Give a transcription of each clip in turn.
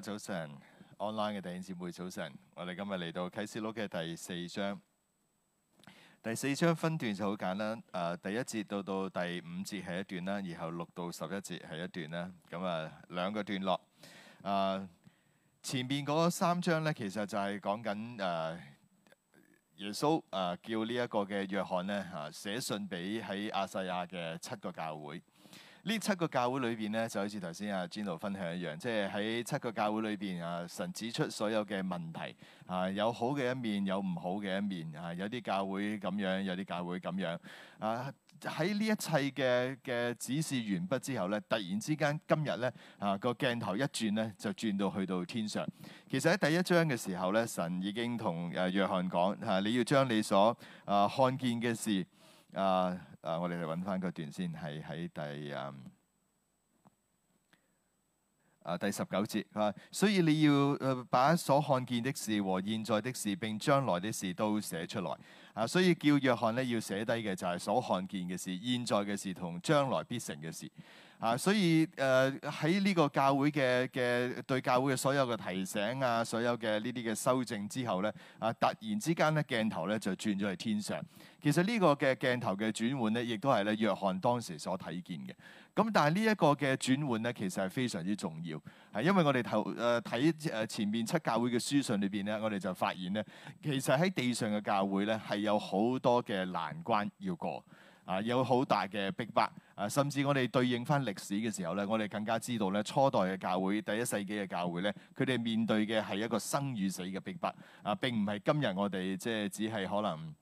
早晨，online 嘅弟兄姊妹早晨。我哋今日嚟到啟示錄嘅第四章。第四章分段就好簡單，誒、呃、第一節到到第五節係一段啦，然後六到十一節係一段啦。咁啊兩個段落。誒、呃、前面嗰三章咧，其實就係講緊誒耶穌誒、呃、叫呢一個嘅約翰咧，寫信俾喺亞細亞嘅七個教會。呢七個教會裏邊咧，就好似頭先阿 Gino 分享一樣，即係喺七個教會裏邊，啊神指出所有嘅問題，啊有好嘅一面，有唔好嘅一面，啊有啲教會咁樣，有啲教會咁樣，啊喺呢一切嘅嘅指示完畢之後咧，突然之間今日咧，啊、這個鏡頭一轉咧，就轉到去到天上。其實喺第一章嘅時候咧，神已經同誒約翰講，嚇、啊、你要將你所啊看見嘅事啊。啊！我哋就揾翻個段先，係喺第啊啊、嗯、第十九節，係嘛？所以你要誒把所看見的事和現在的事並將來的事都寫出來啊！所以叫約翰呢，要寫低嘅就係所看見嘅事、現在嘅事同將來必成嘅事。啊，所以誒喺呢個教會嘅嘅對教會嘅所有嘅提醒啊，所有嘅呢啲嘅修正之後咧，啊突然之間咧鏡頭咧就轉咗去天上。其實個鏡呢個嘅鏡頭嘅轉換咧，亦都係咧約翰當時所睇見嘅。咁但係呢一個嘅轉換咧，其實係非常之重要，係因為我哋頭誒睇誒前面七教會嘅書信裏邊咧，我哋就發現咧，其實喺地上嘅教會咧係有好多嘅難關要過。啊，有好大嘅逼迫啊！甚至我哋對應返歷史嘅時候咧，我哋更加知道咧，初代嘅教會、第一世紀嘅教會咧，佢哋面對嘅係一個生與死嘅逼迫啊！並唔係今日我哋即係只係可能。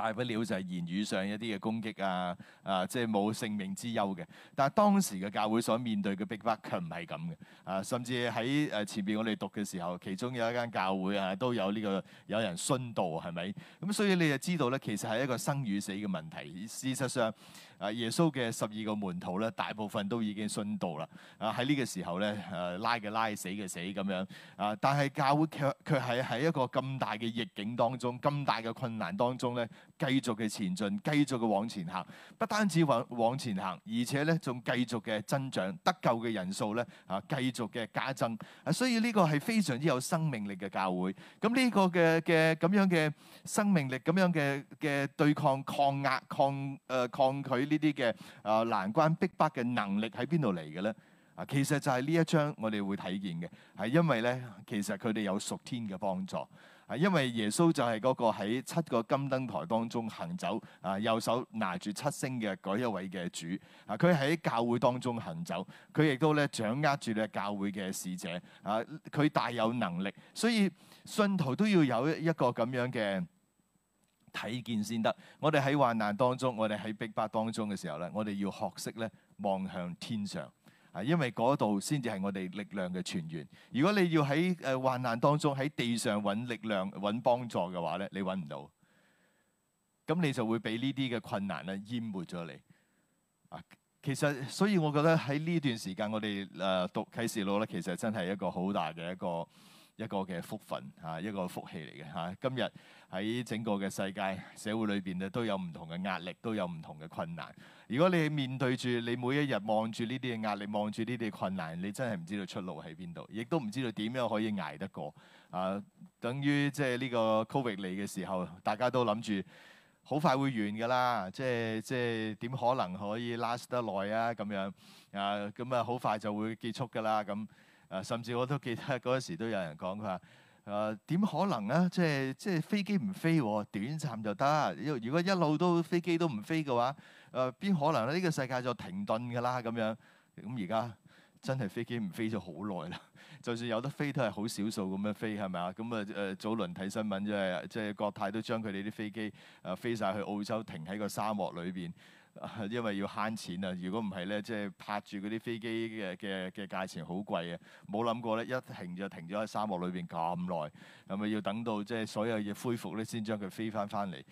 大不了就係言語上一啲嘅攻擊啊！啊，即係冇性命之憂嘅。但係當時嘅教會所面對嘅逼迫，迫，卻唔係咁嘅啊！甚至喺誒前邊我哋讀嘅時候，其中有一間教會啊，都有呢個有人殉道，係咪？咁所以你就知道咧，其實係一個生與死嘅問題。事實上，啊！耶穌嘅十二個門徒咧，大部分都已經殉道啦。啊，喺呢個時候咧，誒拉嘅拉，死嘅死咁樣。啊，但係教會卻卻係喺一個咁大嘅逆境當中，咁大嘅困難當中咧，繼續嘅前進，繼續嘅往前行。不單止往前行，而且咧仲繼續嘅增長，得救嘅人數咧啊，繼續嘅加增。啊，所以呢個係非常之有生命力嘅教會。咁呢個嘅嘅咁樣嘅生命力，咁樣嘅嘅對抗抗壓抗誒、呃、抗拒。呢啲嘅啊難關逼迫嘅能力喺邊度嚟嘅咧？啊，其實就係呢一章我哋會睇見嘅，係因為咧，其實佢哋有屬天嘅幫助。啊，因為耶穌就係嗰個喺七個金燈台當中行走啊，右手拿住七星嘅嗰一位嘅主。啊，佢喺教會當中行走，佢亦都咧掌握住咧教會嘅使者。啊，佢大有能力，所以信徒都要有一一個咁樣嘅。睇見先得。我哋喺患難當中，我哋喺逼迫當中嘅時候咧，我哋要學識咧望向天上，啊，因為嗰度先至係我哋力量嘅泉源。如果你要喺誒患難當中喺地上揾力量揾幫助嘅話咧，你揾唔到。咁你就會俾呢啲嘅困難咧淹沒咗你。啊，其實所以我覺得喺呢段時間我哋誒讀啟示錄咧，其實真係一個好大嘅一個。一個嘅福分嚇、啊，一個福氣嚟嘅嚇。今日喺整個嘅世界社會裏邊咧，都有唔同嘅壓力，都有唔同嘅困難。如果你面對住你每一日望住呢啲嘅壓力，望住呢啲嘅困難，你真係唔知道出路喺邊度，亦都唔知道點樣可以捱得過。啊，等於即係呢個 Covid 嚟嘅時候，大家都諗住好快會完㗎啦。即係即係點可能可以 last 得耐啊？咁樣啊，咁啊好快就會結束㗎啦。咁。誒，甚至我都記得嗰時都有人講，佢話，誒，點可能呢啊？即係即係飛機唔飛，短暫就得。如果一路都飛機都唔飛嘅話，誒、呃、邊可能咧？呢、這個世界就停頓㗎啦咁樣。咁而家真係飛機唔飛咗好耐啦。 就算有得飛，都係好少數咁樣飛係咪啊？咁啊誒早輪睇新聞，即係即係國泰都將佢哋啲飛機誒、呃、飛晒去澳洲，停喺個沙漠裏邊。 因為要慳錢啊！如果唔係咧，即係泊住嗰啲飛機嘅嘅嘅價錢好貴啊！冇諗過咧，一停就停咗喺沙漠裏邊咁耐，係咪要等到即係所有嘢恢復咧，先將佢飛返返嚟？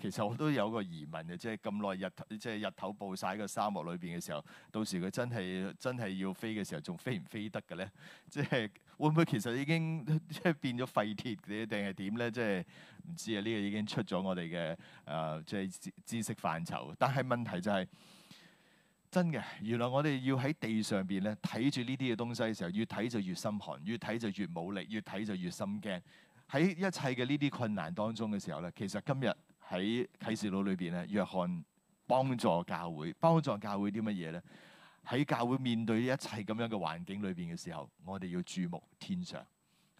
其實我都有個疑問嘅，即係咁耐日即係日頭暴曬喺個沙漠裏邊嘅時候，到時佢真係真係要飛嘅時候，仲飛唔飛得嘅咧？即係會唔會其實已經即係變咗廢鐵定係點咧？即係唔知啊！呢個已經出咗我哋嘅誒，即係知識範疇。但係問題就係真嘅，原來我哋要喺地上邊咧睇住呢啲嘅東西嘅時候，越睇就越心寒，越睇就越冇力，越睇就越心驚。喺一切嘅呢啲困難當中嘅時候咧，其實今日。喺啟示錄裏邊咧，約翰幫助教會，幫助教會啲乜嘢咧？喺教會面對一切咁樣嘅環境裏邊嘅時候，我哋要注目天上。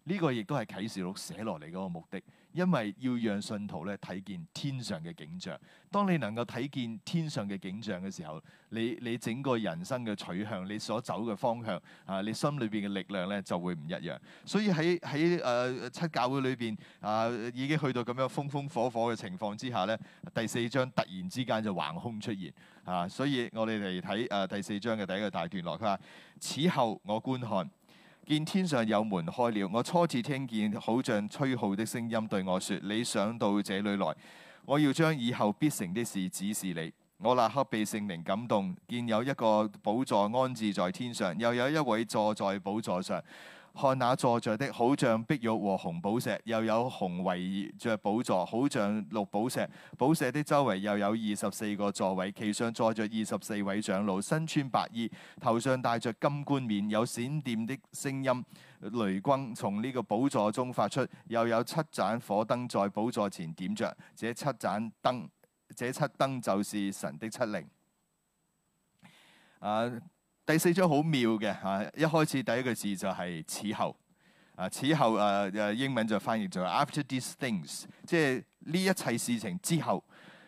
呢個亦都係啟示錄寫落嚟嗰個目的。因為要讓信徒咧睇見天上嘅景象，當你能夠睇見天上嘅景象嘅時候，你你整個人生嘅取向，你所走嘅方向啊，你心裏邊嘅力量咧就會唔一樣。所以喺喺誒七教會裏邊啊，已經去到咁樣風風火火嘅情況之下咧，第四章突然之間就橫空出現啊！所以我哋嚟睇誒第四章嘅第一個大段落，佢話：此後我觀看。見天上有門開了，我初次聽見好像吹號的聲音對我說：你上到這裏來，我要將以後必成的事指示你。我立刻被聖靈感動，見有一個寶座安置在天上，又有一位坐在寶座上。看那坐著的，好像碧玉和紅寶石；又有虹圍著寶座，好像綠寶石。寶座的周圍又有二十四個座位，其上坐着二十四位長老，身穿白衣，頭上戴着金冠冕。有閃電的聲音、雷轟從呢個寶座中發出；又有七盞火燈在寶座前點着。這七盞燈、這七燈就是神的七靈。啊、uh,！第四章好妙嘅，啊，一開始第一個字就係此後，啊，此後啊，英文就翻譯做 after these things，即係呢一切事情之後，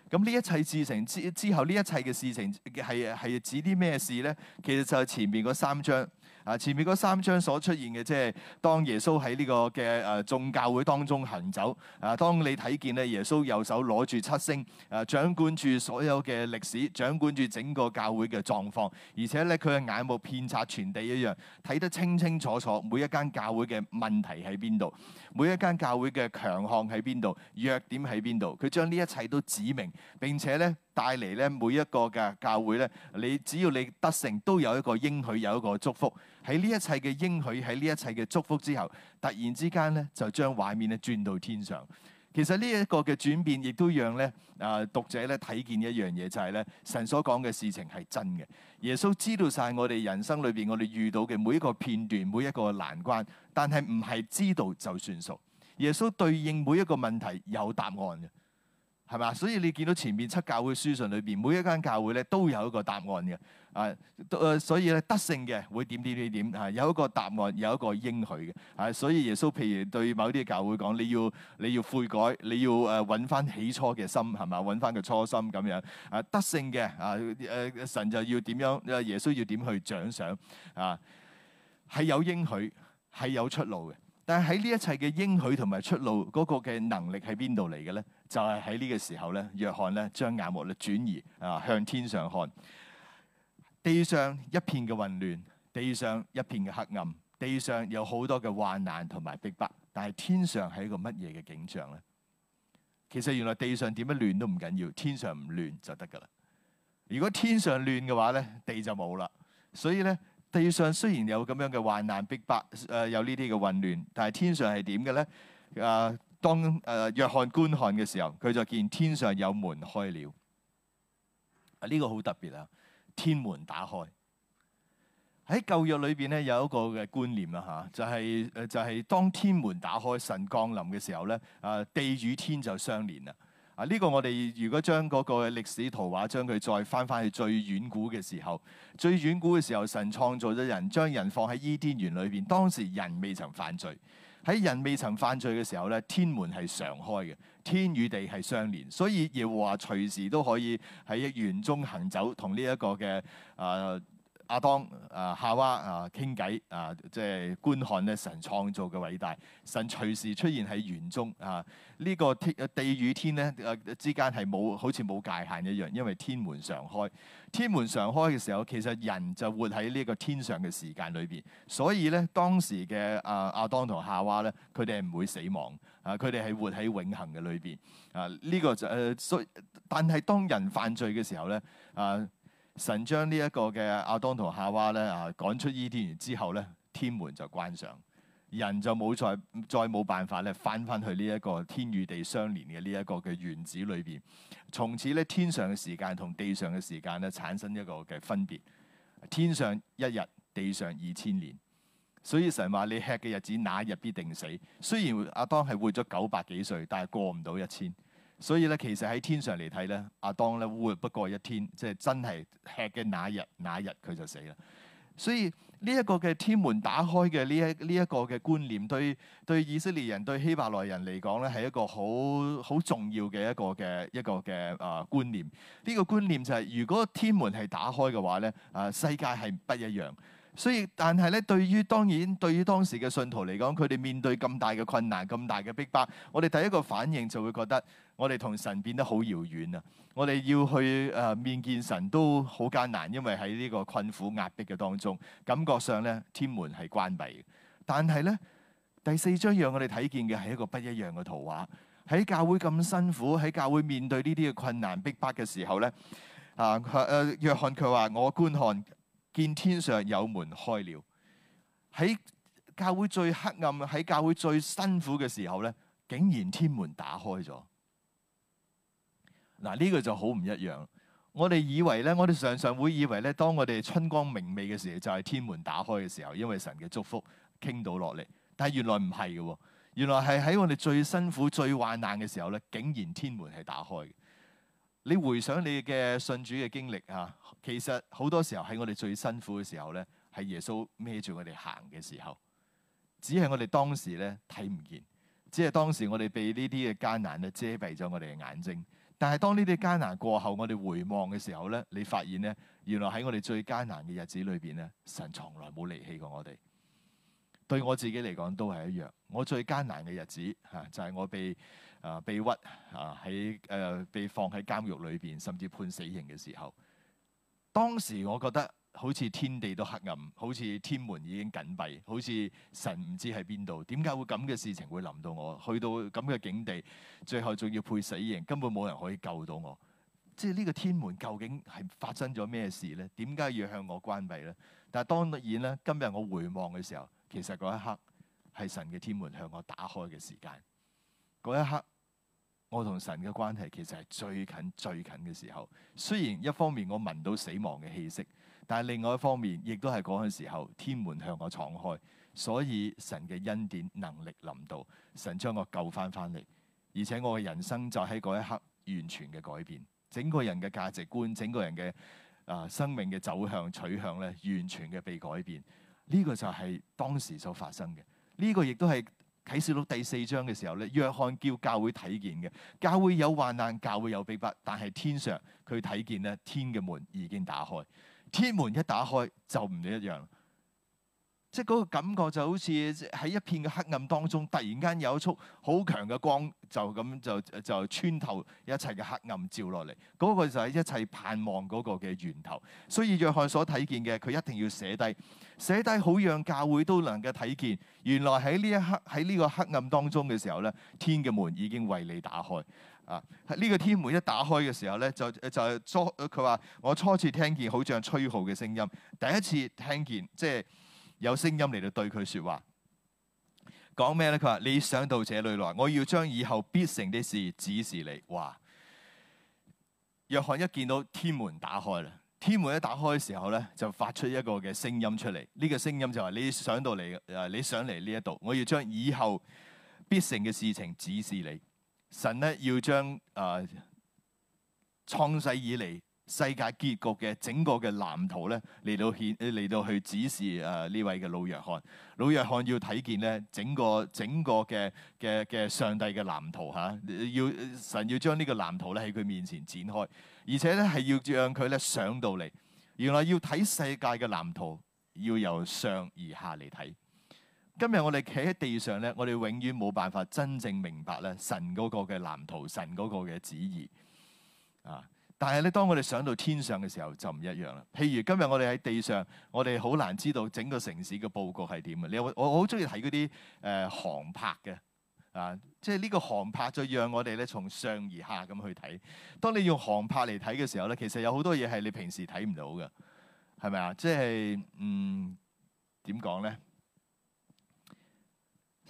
咁呢一切事情之之後呢一切嘅事情係係指啲咩事咧？其實就係前面嗰三章。啊！前面嗰三章所出現嘅，即係當耶穌喺呢個嘅誒眾教會當中行走。啊、呃！當你睇見咧，耶穌右手攞住七星，誒、呃、掌管住所有嘅歷史，掌管住整個教會嘅狀況。而且咧，佢嘅眼目遍察全地一樣，睇得清清楚楚每間，每一間教會嘅問題喺邊度，每一間教會嘅強項喺邊度，弱點喺邊度。佢將呢一切都指明。並且咧。帶嚟咧每一個嘅教會咧，你只要你得勝，都有一個應許，有一個祝福。喺呢一切嘅應許，喺呢一切嘅祝福之後，突然之間咧就將畫面咧轉到天上。其實呢一個嘅轉變，亦都讓咧啊讀者咧睇見一樣嘢，就係咧神所講嘅事情係真嘅。耶穌知道晒我哋人生裏邊我哋遇到嘅每一個片段，每一個難關，但係唔係知道就算數。耶穌對應每一個問題有答案嘅。係嘛？所以你見到前面七教會書信裏邊每一間教會咧，都有一個答案嘅。啊，誒，所以咧得勝嘅會點點點點，係、啊、有一個答案，有一個應許嘅。係、啊、所以耶穌譬如對某啲教會講，你要你要悔改，你要誒揾翻起初嘅心，係嘛？揾翻個初心咁樣。啊，得勝嘅啊，誒、啊、神就要點樣？耶穌要點去獎賞？啊，係有應許，係有出路嘅。但係喺呢一切嘅應許同埋出路嗰、那個嘅能力喺邊度嚟嘅咧？就係喺呢個時候咧，約翰咧將眼目咧轉移啊，向天上看。地上一片嘅混亂，地上一片嘅黑暗，地上有好多嘅患難同埋逼迫。但係天上係一個乜嘢嘅景象咧？其實原來地上點樣亂都唔緊要，天上唔亂就得噶啦。如果天上亂嘅話咧，地就冇啦。所以咧，地上雖然有咁樣嘅患難逼迫誒，有呢啲嘅混亂，但係天上係點嘅咧？啊！當誒約翰觀看嘅時候，佢就見天上有門開了。啊，呢、這個好特別啊！天門打開。喺舊約裏邊咧，有一個嘅觀念啊嚇，就係、是、誒、啊、就係、是、當天門打開，神降臨嘅時候咧，啊地與天就相連啦。啊呢、這個我哋如果將嗰個歷史圖畫，將佢再翻翻去最遠古嘅時候，最遠古嘅時候，神創造咗人，將人放喺伊甸園裏邊，當時人未曾犯罪。喺人未曾犯罪嘅時候咧，天門係常開嘅，天與地係相連，所以耶和華隨時都可以喺園中行走，同呢一個嘅啊。呃阿當啊、夏娃啊傾偈啊，即係觀看咧神創造嘅偉大，神隨時出現喺園中啊。呢個天啊、地與天咧啊之間係冇好似冇界限一樣，因為天門常開。天門常開嘅時候，其實人就活喺呢個天上嘅時間裏邊。所以咧，當時嘅啊阿當同夏娃咧，佢哋係唔會死亡啊，佢哋係活喺永恆嘅裏邊啊。呢個就誒、呃，所以但係當人犯罪嘅時候咧啊。神將呢一個嘅亞當同夏娃咧啊趕出伊甸園之後咧，天門就關上，人就冇再再冇辦法咧返返去呢一個天與地相連嘅呢一個嘅園子裏邊。從此咧，天上嘅時間同地上嘅時間咧產生一個嘅分別，天上一日，地上二千年。所以神話，你吃嘅日子，那日必定死。雖然亞當係活咗九百幾歲，但係過唔到一千。所以咧，其實喺天上嚟睇咧，阿當咧活不過一天，即係真係吃嘅那日，那日佢就死啦。所以呢一個嘅天門打開嘅呢一呢一個嘅觀念，對對以色列人對希伯來人嚟講咧，係一個好好重要嘅一個嘅一個嘅啊觀念。呢個觀念就係如果天門係打開嘅話咧，啊世界係不一樣。所以但係咧，對於當然對於當時嘅信徒嚟講，佢哋面對咁大嘅困難、咁大嘅逼迫，我哋第一個反應就會覺得。我哋同神變得好遙遠啊！我哋要去誒、呃、面見神都好艱難，因為喺呢個困苦壓迫嘅當中，感覺上咧天門係關閉嘅。但係咧，第四章讓我哋睇見嘅係一個不一樣嘅圖畫。喺教會咁辛苦，喺教會面對呢啲嘅困難逼迫嘅時候咧啊誒，約、呃、翰佢話我觀看見天上有門開了。喺教會最黑暗，喺教會最辛苦嘅時候咧，竟然天門打開咗。嗱，呢個就好唔一樣。我哋以為呢，我哋常常會以為呢，當我哋春光明媚嘅時候，就係天門打開嘅時候，因為神嘅祝福傾到落嚟。但係原來唔係嘅，原來係喺我哋最辛苦、最患難嘅時候呢，竟然天門係打開。你回想你嘅信主嘅經歷啊，其實好多時候喺我哋最辛苦嘅時候呢，係耶穌孭住我哋行嘅時候，只係我哋當時呢睇唔見，只係當時我哋被呢啲嘅艱難咧遮蔽咗我哋嘅眼睛。但係當呢啲艱難過後，我哋回望嘅時候咧，你發現咧，原來喺我哋最艱難嘅日子裏邊咧，神從來冇離棄過我哋。對我自己嚟講都係一樣，我最艱難嘅日子啊，就係、是、我被、呃、被啊被屈啊喺誒被放喺監獄裏邊，甚至判死刑嘅時候，當時我覺得。好似天地都黑暗，好似天門已經緊閉，好似神唔知喺邊度。點解會咁嘅事情會臨到我？去到咁嘅境地，最後仲要配死刑，根本冇人可以救到我。即係呢個天門究竟係發生咗咩事呢？點解要向我關閉呢？但係當然呢，今日我回望嘅時候，其實嗰一刻係神嘅天門向我打開嘅時間。嗰一刻，我同神嘅關係其實係最近最近嘅時候。雖然一方面我聞到死亡嘅氣息。但係另外一方面，亦都係嗰陣時候，天門向我敞開，所以神嘅恩典能力臨到，神將我救翻翻嚟，而且我嘅人生就喺嗰一刻完全嘅改變，整個人嘅價值觀，整個人嘅啊、呃、生命嘅走向取向咧，完全嘅被改變，呢、這個就係當時所發生嘅。呢、這個亦都係啟示錄第四章嘅時候咧，約翰叫教會睇見嘅，教會有患難，教會有逼迫，但係天上佢睇見咧，天嘅門已經打開。天門一打開就唔一樣，即係嗰個感覺就好似喺一片嘅黑暗當中，突然間有一束好強嘅光，就咁就就，就穿透一切嘅黑暗照落嚟。嗰個就係一切盼望嗰個嘅源頭。所以約翰所睇見嘅，佢一定要寫低，寫低好讓教會都能夠睇見，原來喺呢一刻喺呢個黑暗當中嘅時候咧，天嘅門已經為你打開。啊！呢、這個天門一打開嘅時候咧，就就係初佢話我初次聽見，好像吹號嘅聲音。第一次聽見，即、就、係、是、有聲音嚟到對佢説話，講咩咧？佢話你想到這裡來，我要將以後必成的事指示你。哇！約翰一見到天門打開啦，天門一打開嘅時候咧，就發出一個嘅聲音出嚟。呢、這個聲音就話、是、你想到嚟，誒，你上嚟呢一度，我要將以後必成嘅事情指示你。神咧要將啊創世以嚟世界結局嘅整個嘅藍圖咧嚟到顯嚟到去指示啊呢、呃、位嘅老約翰，老約翰要睇見咧整個整個嘅嘅嘅上帝嘅藍圖吓、啊，要神要將呢個藍圖咧喺佢面前展開，而且咧係要讓佢咧上到嚟，原來要睇世界嘅藍圖要由上而下嚟睇。今日我哋企喺地上咧，我哋永遠冇辦法真正明白咧神嗰個嘅藍圖、神嗰個嘅旨意啊！但係咧，當我哋上到天上嘅時候就唔一樣啦。譬如今日我哋喺地上，我哋好難知道整個城市嘅布局係點嘅。你我我好中意睇嗰啲誒航拍嘅啊，即係呢個航拍就讓我哋咧從上而下咁去睇。當你用航拍嚟睇嘅時候咧，其實有好多嘢係你平時睇唔到嘅，係咪啊？即係嗯點講咧？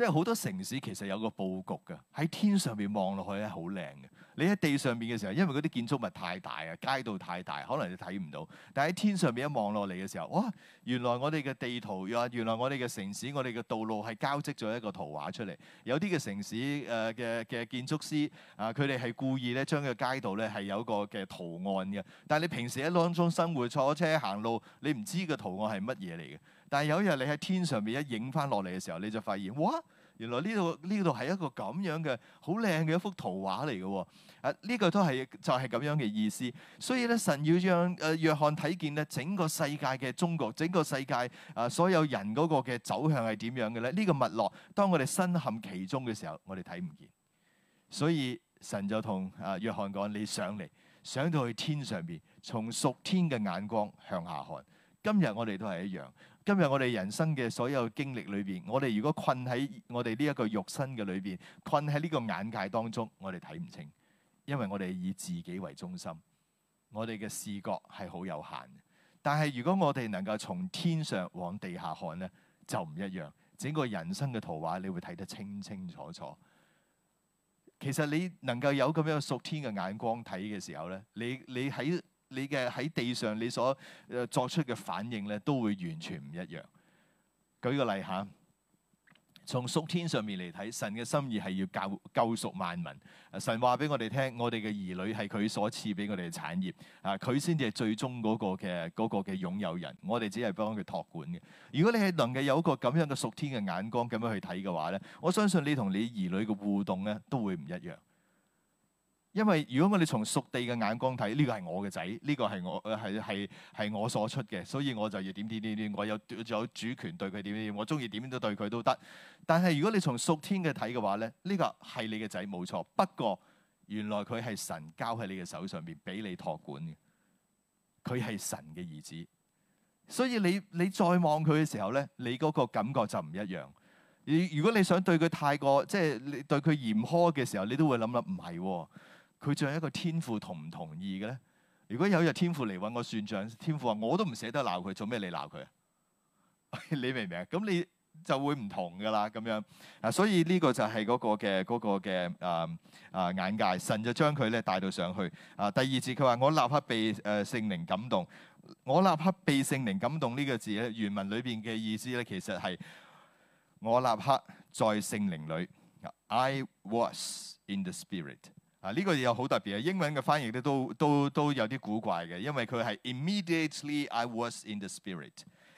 即係好多城市其實有個佈局嘅，喺天上面望落去咧好靚嘅。你喺地上面嘅時候，因為嗰啲建築物太大啊，街道太大，可能你睇唔到。但喺天上面一望落嚟嘅時候，哇！原來我哋嘅地圖，又原來我哋嘅城市、我哋嘅道路係交織咗一個圖畫出嚟。有啲嘅城市誒嘅嘅建築師啊，佢哋係故意咧將個街道咧係有一個嘅圖案嘅。但係你平時喺當中生活、坐車、行路，你唔知個圖案係乜嘢嚟嘅。但係有日你喺天上邊一影翻落嚟嘅時候，你就發現哇，原來呢度呢度係一個咁樣嘅好靚嘅一幅圖畫嚟嘅喎。啊，呢、這個都係就係、是、咁樣嘅意思。所以咧，神要讓誒、啊、約翰睇見咧整個世界嘅中國，整個世界啊所有人嗰個嘅走向係點樣嘅咧？呢、這個脈絡當我哋身陷其中嘅時候，我哋睇唔見。所以神就同啊約翰講：你上嚟上到去天上邊，從屬天嘅眼光向下看。今日我哋都係一樣。今日我哋人生嘅所有經歷裏邊，我哋如果困喺我哋呢一個肉身嘅裏邊，困喺呢個眼界當中，我哋睇唔清，因為我哋以自己為中心，我哋嘅視覺係好有限。但係如果我哋能夠從天上往地下看呢，就唔一樣。整個人生嘅圖畫，你會睇得清清楚楚。其實你能夠有咁樣屬天嘅眼光睇嘅時候呢，你你喺，你嘅喺地上你所作出嘅反應咧，都會完全唔一樣。舉個例嚇，從屬天上面嚟睇，神嘅心意係要救救贖萬民。神話俾我哋聽，我哋嘅兒女係佢所賜俾我哋嘅產業，啊，佢先至係最終嗰個嘅嗰個嘅擁有人，我哋只係幫佢託管嘅。如果你係能夠有一個咁樣嘅屬天嘅眼光咁樣去睇嘅話咧，我相信你同你兒女嘅互動咧都會唔一樣。因為如果我哋從屬地嘅眼光睇，呢、這個係我嘅仔，呢、這個係我係係係我所出嘅，所以我就要點點點點，我有有主權對佢點點，我中意點樣都對佢都得。但係如果你從屬天嘅睇嘅話咧，呢、這個係你嘅仔冇錯，不過原來佢係神交喺你嘅手上邊，俾你託管嘅，佢係神嘅兒子，所以你你再望佢嘅時候咧，你嗰個感覺就唔一樣。如果你想對佢太過即係、就是、你對佢嚴苛嘅時候，你都會諗諗唔係喎。佢仲有一個天父同唔同意嘅咧？如果有日天，天父嚟揾我算賬，天父話我都唔捨得鬧佢，做咩你鬧佢啊？ 你明唔明？咁你就會唔同噶啦，咁樣啊，所以呢個就係嗰個嘅嗰個嘅啊啊眼界。神就將佢咧帶到上去啊。第二節佢話我立刻被誒、呃、聖靈感動，我立刻被聖靈感動呢個字咧，原文裏邊嘅意思咧，其實係我立刻在聖靈裡。I was in the spirit。啊！呢、這個嘢又好特別嘅，英文嘅翻譯咧，都都都有啲古怪嘅，因為佢係 immediately I was in the spirit。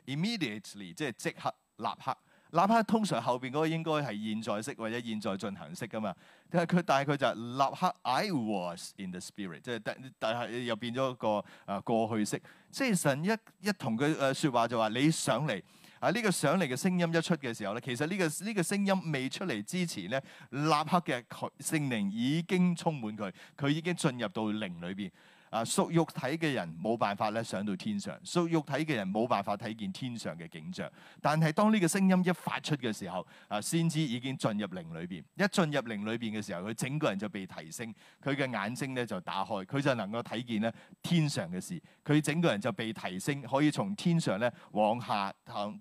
immediately 即係即刻、立刻、立刻。通常後邊嗰個應該係現在式或者現在進行式噶嘛，但係佢但係就係立刻 I was in the spirit，即係但係又變咗一個啊、呃、過去式。即係神一一同佢説話就話你上嚟。喺呢個上嚟嘅聲音一出嘅時候咧，其實呢個呢個聲音未出嚟之前咧，立刻嘅聖靈已經充滿佢，佢已經進入到靈裏邊。啊，屬肉體嘅人冇辦法咧上到天上，屬肉體嘅人冇辦法睇見天上嘅景象。但係當呢個聲音一發出嘅時候，啊，先知已經進入靈裏邊。一進入靈裏邊嘅時候，佢整個人就被提升，佢嘅眼睛咧就打開，佢就能夠睇見咧天上嘅事。佢整個人就被提升，可以從天上咧往下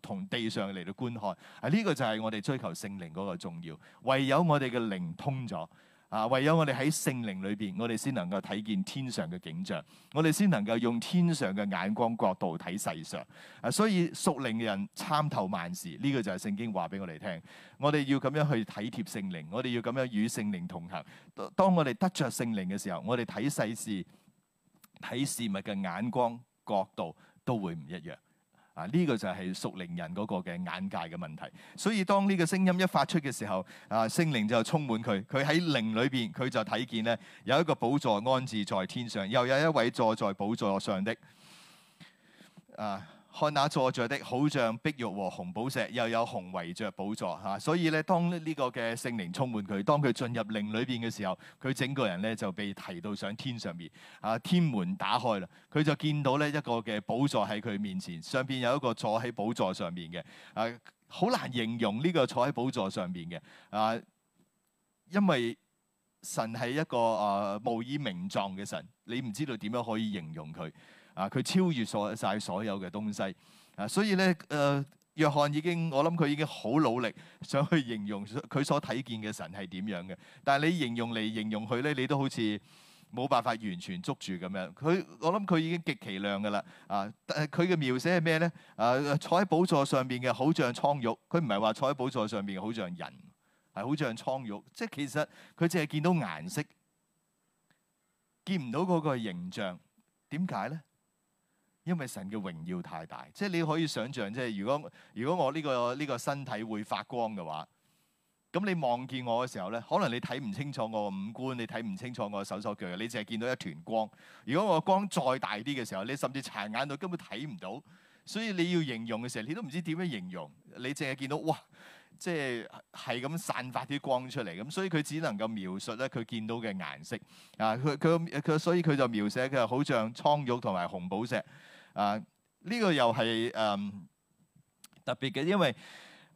同地上嚟到觀看。啊，呢個就係我哋追求聖靈嗰個重要。唯有我哋嘅靈通咗。啊！唯有我哋喺聖靈裏邊，我哋先能夠睇見天上嘅景象，我哋先能夠用天上嘅眼光角度睇世上。啊！所以屬靈嘅人參透萬事，呢個就係聖經話俾我哋聽。我哋要咁樣去體貼聖靈，我哋要咁樣與聖靈同行。當我哋得着聖靈嘅時候，我哋睇世事、睇事物嘅眼光角度都會唔一樣。啊！呢、這個就係屬靈人嗰個嘅眼界嘅問題。所以當呢個聲音一發出嘅時候，啊，聖靈就充滿佢。佢喺靈裏邊，佢就睇見咧，有一個寶座安置在天上，又有一位坐在寶座上的。啊！看那坐着的，好像碧玉和紅寶石，又有虹圍着寶座。啊，所以咧，當呢個嘅聖靈充滿佢，當佢進入靈裏邊嘅時候，佢整個人咧就被提到上天上面。啊，天門打開啦，佢就見到咧一個嘅寶座喺佢面前，上邊有一個坐喺寶座上面嘅。啊，好難形容呢個坐喺寶座上面嘅。啊，因為神係一個啊無以名狀嘅神，你唔知道點樣可以形容佢。啊！佢超越咗曬所有嘅東西啊！所以咧，誒、呃，約翰已經我諗佢已經好努力，想去形容佢所睇見嘅神係點樣嘅。但係你形容嚟形容去咧，你都好似冇辦法完全捉住咁樣。佢我諗佢已經極其量㗎啦啊！佢嘅描寫係咩咧？啊，坐喺寶座上邊嘅，好像蒼玉。佢唔係話坐喺寶座上邊，好像人係，好像蒼玉。即係其實佢淨係見到顏色，見唔到嗰個形象。點解咧？因為神嘅榮耀太大，即係你可以想像，即係如果如果我呢個呢個身體會發光嘅話，咁你望見我嘅時候咧，可能你睇唔清楚我五官，你睇唔清楚我手手腳腳，你淨係見到一團光。如果我光再大啲嘅時候，你甚至殘眼到根本睇唔到。所以你要形容嘅時候，你都唔知點樣形容，你淨係見到哇，即係係咁散發啲光出嚟。咁所以佢只能夠描述咧，佢見到嘅顏色啊，佢佢佢所以佢就描寫佢係好像蒼玉同埋紅寶石。啊！呢、這個又係誒特別嘅，因為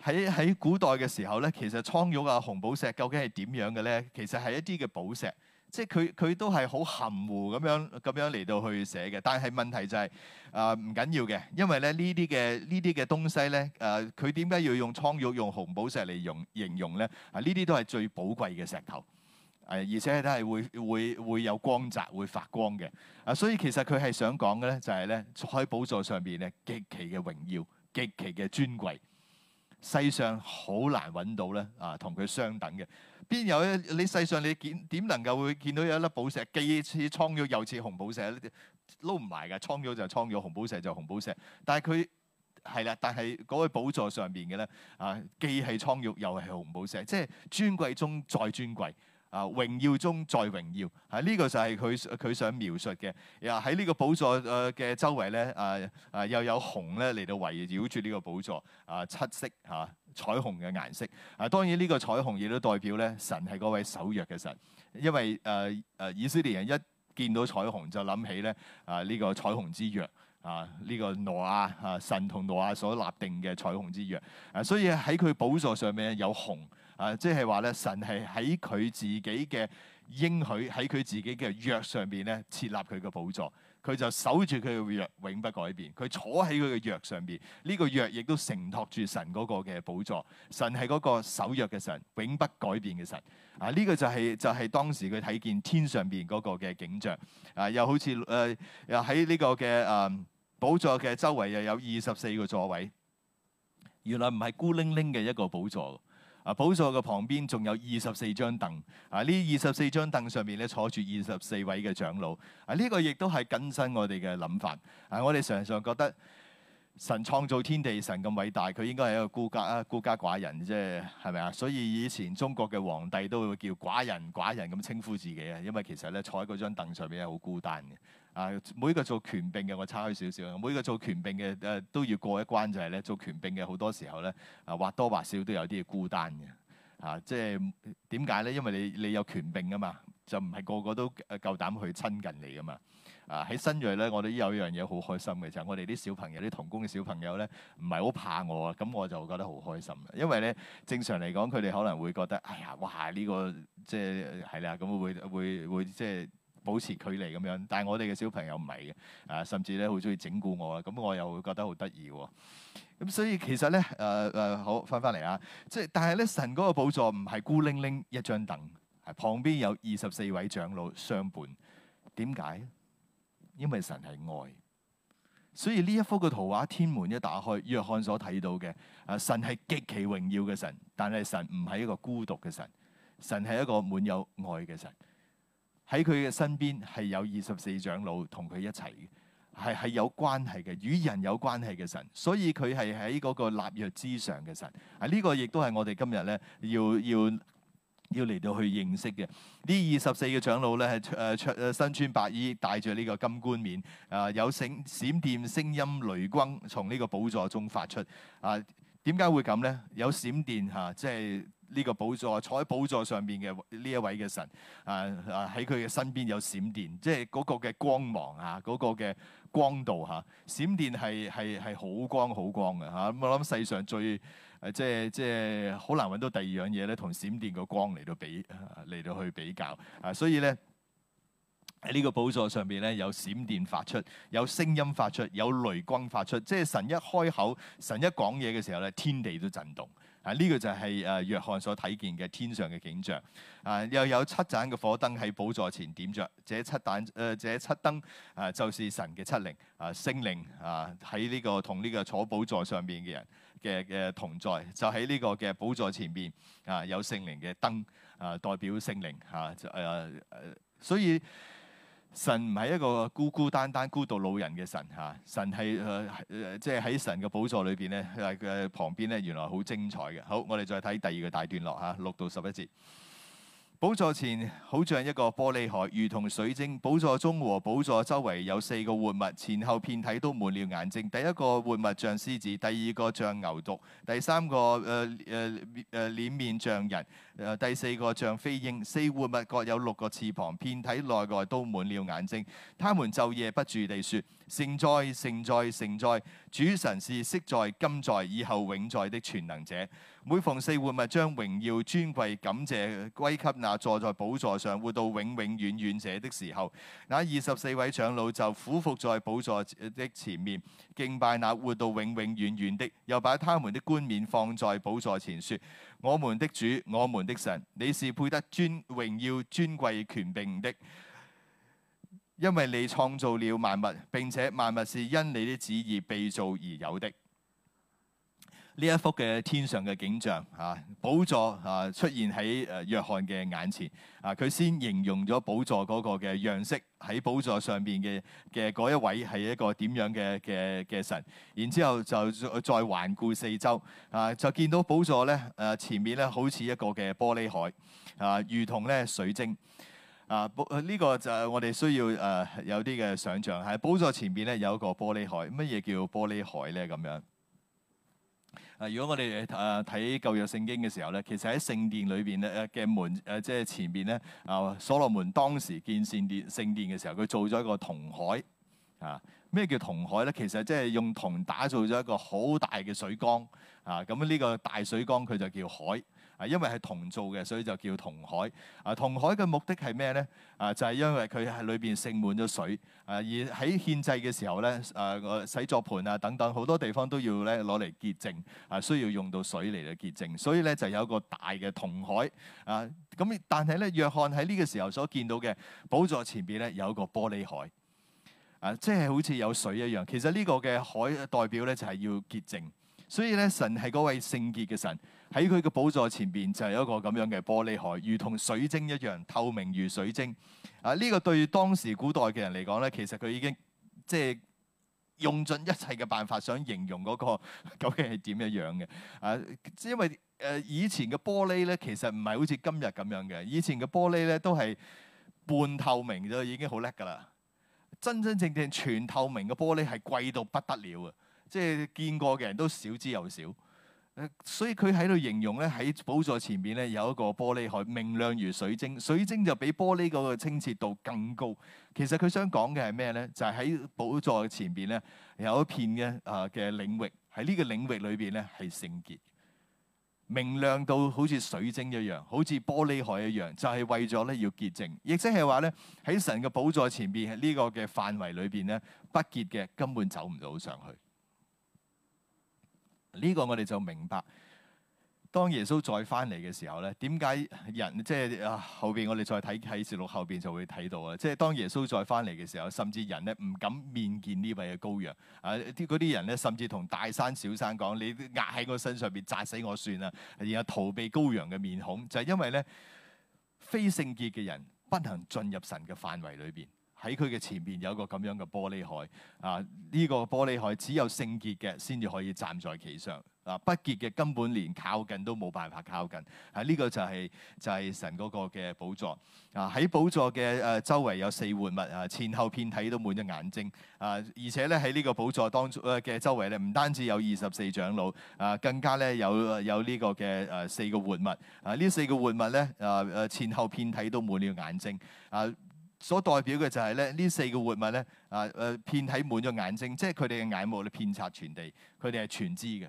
喺喺古代嘅時候咧，其實蒼玉啊、紅寶石究竟係點樣嘅咧？其實係一啲嘅寶石，即係佢佢都係好含糊咁樣咁樣嚟到去寫嘅。但係問題就係、是、啊，唔緊要嘅，因為咧呢啲嘅呢啲嘅東西咧誒，佢點解要用蒼玉用紅寶石嚟用形容咧？啊，呢啲、啊、都係最寶貴嘅石頭。誒，而且都係會會會有光澤，會發光嘅啊。所以其實佢係想講嘅咧，就係咧喺寶座上邊咧，極其嘅榮耀，極其嘅尊貴，世上好難揾到咧啊，同佢相等嘅。邊有咧？你世上你見點能夠會見到有一粒寶石，既似蒼玉又似紅寶石，撈唔埋㗎。蒼玉就蒼玉，紅寶石就紅寶石。但係佢係啦，但係嗰個寶座上邊嘅咧啊，既係蒼玉又係紅寶石，即係尊貴中再尊貴。啊！榮耀中再榮耀，啊呢個就係佢佢想描述嘅，啊。又喺呢個寶座誒嘅周圍咧，啊啊又有虹咧嚟到圍繞住呢個寶座。啊七色嚇彩虹嘅顏色。啊，色啊當然呢個彩虹亦都代表咧神係嗰位守約嘅神，因為誒誒以色列人一見到彩虹就諗起咧啊呢、呢個彩虹之約。啊呢、啊呢個挪亞啊神同挪亞所立定嘅彩虹之約。啊所以喺佢寶座上面有虹。啊，即係話咧，神係喺佢自己嘅應許喺佢自己嘅約上邊咧，設立佢嘅寶座。佢就守住佢嘅約，永不改變。佢坐喺佢嘅約上邊，呢、這個約亦都承托住神嗰個嘅寶座。神係嗰個守約嘅神，永不改變嘅神。啊，呢、這個就係、是、就係、是、當時佢睇見天上邊嗰個嘅景象啊，又好似誒、呃、又喺呢個嘅誒、嗯、寶座嘅周圍又有二十四個座位，原來唔係孤零零嘅一個寶座。啊，寶座嘅旁邊仲有二十四張凳，啊，呢二十四張凳上面咧坐住二十四位嘅長老，啊呢個亦都係更新我哋嘅諗法，啊我哋常常覺得神創造天地，神咁偉大，佢應該係一個孤家啊孤家寡人啫，係咪啊？所以以前中國嘅皇帝都會叫寡人、寡人咁稱呼自己啊，因為其實咧坐喺嗰張凳上邊係好孤單嘅。啊，每個做權柄嘅我差開少少，每個做權柄嘅誒都要過一關，就係、是、咧做權柄嘅好多時候咧，啊或多或少都有啲孤單嘅。嚇、啊，即係點解咧？因為你你有權柄啊嘛，就唔係個個都夠膽去親近你噶嘛，啊喺新睿咧，我哋有一樣嘢好開心嘅就係、是、我哋啲小朋友、啲同 工嘅小朋友咧，唔係好怕我啊，咁我就覺得好開心，因為咧正常嚟講佢哋可能會覺得，哎呀，哇呢、這個即係係啦，咁會會會，會，會即係。保持距離咁樣，但係我哋嘅小朋友唔係嘅，啊甚至咧好中意整蠱我啦，咁我又會覺得好得意喎。咁所以其實咧，誒、呃、誒、呃、好翻返嚟啊，即係但係咧神嗰個寶座唔係孤零零一張凳，係旁邊有二十四位長老相伴。點解？因為神係愛，所以呢一幅嘅圖畫天門一打開，約翰所睇到嘅啊神係極其榮耀嘅神，但係神唔係一個孤獨嘅神，神係一個滿有愛嘅神。喺佢嘅身邊係有二十四長老同佢一齊嘅，係係有關係嘅，與人有關係嘅神，所以佢係喺嗰個立約之上嘅神。啊，這個、呢個亦都係我哋今日咧要要要嚟到去認識嘅。呢二十四嘅長老咧係誒穿身穿白衣，帶住呢個金冠冕，啊有閃閃電聲音雷轟從呢個寶座中發出。啊，點解會咁咧？有閃電嚇，即、啊、係。就是呢個寶座，坐喺寶座上邊嘅呢一位嘅神啊，啊喺佢嘅身邊有閃電，即係嗰個嘅光芒啊，嗰、嗰個嘅光度嚇、啊、閃電係係係好光好光嘅嚇。咁、啊、我諗世上最誒、啊、即係即係好難揾到第二樣嘢咧，同閃電個光嚟到比嚟、啊、到去比較啊。所以咧喺呢個寶座上邊咧有閃電發出，有聲音發出，有雷光發出。即係神一開口，神一講嘢嘅時候咧，天地都震動。啊！呢個就係誒約翰所睇見嘅天上嘅景象。啊，又有七盞嘅火燈喺寶座前點着。這七盞誒、呃，這七燈啊，就是神嘅七靈啊，聖靈啊，喺呢個同呢個坐寶座上邊嘅人嘅嘅同在，就喺呢個嘅寶座前邊啊，有聖靈嘅燈啊，代表聖靈嚇誒誒，所以。神唔係一個孤孤單單、孤獨老人嘅神嚇、啊，神係誒即係喺神嘅寶座裏邊咧，誒、呃呃、佢旁邊咧原來好精彩嘅。好，我哋再睇第二個大段落嚇，六、啊、到十一節。寶座前好像一個玻璃海，如同水晶。寶座中和寶座周圍有四個活物，前後片體都滿了眼睛。第一個活物像獅子，第二個像牛犢，第三個誒誒誒臉面像人，誒、呃、第四個像飛鷹。四活物各有六個翅膀，片體內外都滿了眼睛。他們晝夜不住地説：聖哉，聖哉，聖哉！主神是昔在、今在、以後永在的全能者。每逢四活物將榮耀尊貴感謝歸給那坐在寶座上活到永永遠遠者的時候，那二十四位長老就俯伏在寶座的前面敬拜那活到永永遠遠的，又把他們的冠冕放在寶座前，説：我們的主，我們的神，你是配得尊榮耀尊貴權柄的，因為你創造了萬物，並且萬物是因你的旨意被造而有的。呢一幅嘅天上嘅景象啊，寶座啊出現喺誒約翰嘅眼前啊，佢先形容咗寶座嗰個嘅樣式，喺寶座上邊嘅嘅嗰一位係一個點樣嘅嘅嘅神，然之後就再環顧四周啊，就見到寶座咧誒前面咧好似一個嘅玻璃海啊，如同咧水晶啊，呢、這個就我哋需要誒有啲嘅想像，喺寶座前邊咧有一個玻璃海，乜嘢叫玻璃海咧咁樣？啊！如果我哋誒睇舊約聖經嘅時候咧，其實喺聖殿裏邊咧嘅門誒，即係前邊咧啊，所羅門當時建聖殿聖殿嘅時候，佢做咗一個銅海啊。咩叫銅海咧？其實即係用銅打造咗一個好大嘅水缸啊。咁呢個大水缸佢就叫海。啊，因為係銅造嘅，所以就叫銅海。啊，銅海嘅目的係咩咧？啊，就係、是、因為佢係裏邊盛滿咗水。啊，而喺獻祭嘅時候咧，誒、呃、洗作盤啊等等好多地方都要咧攞嚟潔淨。啊，需要用到水嚟嘅潔淨，所以咧就有一個大嘅銅海。啊，咁但係咧，約翰喺呢個時候所見到嘅寶座前邊咧有一個玻璃海。啊，即係好似有水一樣。其實呢個嘅海代表咧就係、是、要潔淨。所以咧，神係嗰位聖潔嘅神。喺佢嘅寶座前邊就係有一個咁樣嘅玻璃海，如同水晶一樣，透明如水晶。啊，呢個對當時古代嘅人嚟講咧，其實佢已經即係用盡一切嘅辦法想形容嗰個究竟係點樣樣嘅。啊，因為誒以前嘅玻璃咧，其實唔係好似今日咁樣嘅。以前嘅玻璃咧都係半透明就已經好叻㗎啦。真真正正全透明嘅玻璃係貴到不得了啊！即係見過嘅人都少之又少。所以佢喺度形容咧，喺寶座前面咧有一個玻璃海，明亮如水晶。水晶就比玻璃嗰個清澈度更高。其實佢想講嘅係咩咧？就係喺寶座前面咧有一片嘅啊嘅領域。喺呢個領域裏邊咧係聖潔，明亮到好似水晶一樣，好似玻璃海一樣。就係為咗咧要潔淨，亦即係話咧喺神嘅寶座前邊係呢個嘅範圍裏邊咧，不潔嘅根本走唔到上去。呢個我哋就明白，當耶穌再翻嚟嘅時候咧，點解人即係啊後邊我哋再睇啟示錄後邊就會睇到啊，即係當耶穌再翻嚟嘅時候，甚至人咧唔敢面見呢位嘅羔羊啊！啲啲人咧，甚至同大山小山講：你壓喺我身上邊砸死我算啦，然後逃避羔羊嘅面孔，就係因為咧非聖潔嘅人不能進入神嘅範圍裏邊。喺佢嘅前面有個咁樣嘅玻璃海啊！呢個玻璃海只有聖潔嘅先至可以站在其上啊！不潔嘅根本連靠近都冇辦法靠近啊！呢個就係就係神嗰個嘅寶座啊！喺寶座嘅誒周圍有四活物啊，前後遍體都滿咗眼睛啊！而且咧喺呢個寶座當中嘅周圍咧，唔單止有二十四長老啊，更加咧有有呢個嘅誒四個活物啊！呢四個活物咧啊誒，前後遍體都滿咗眼睛啊！所代表嘅就係、是、咧，呢四個活物咧，啊、呃、誒，遍體滿咗眼睛，即係佢哋嘅眼目咧，遍察全地，佢哋係全知嘅，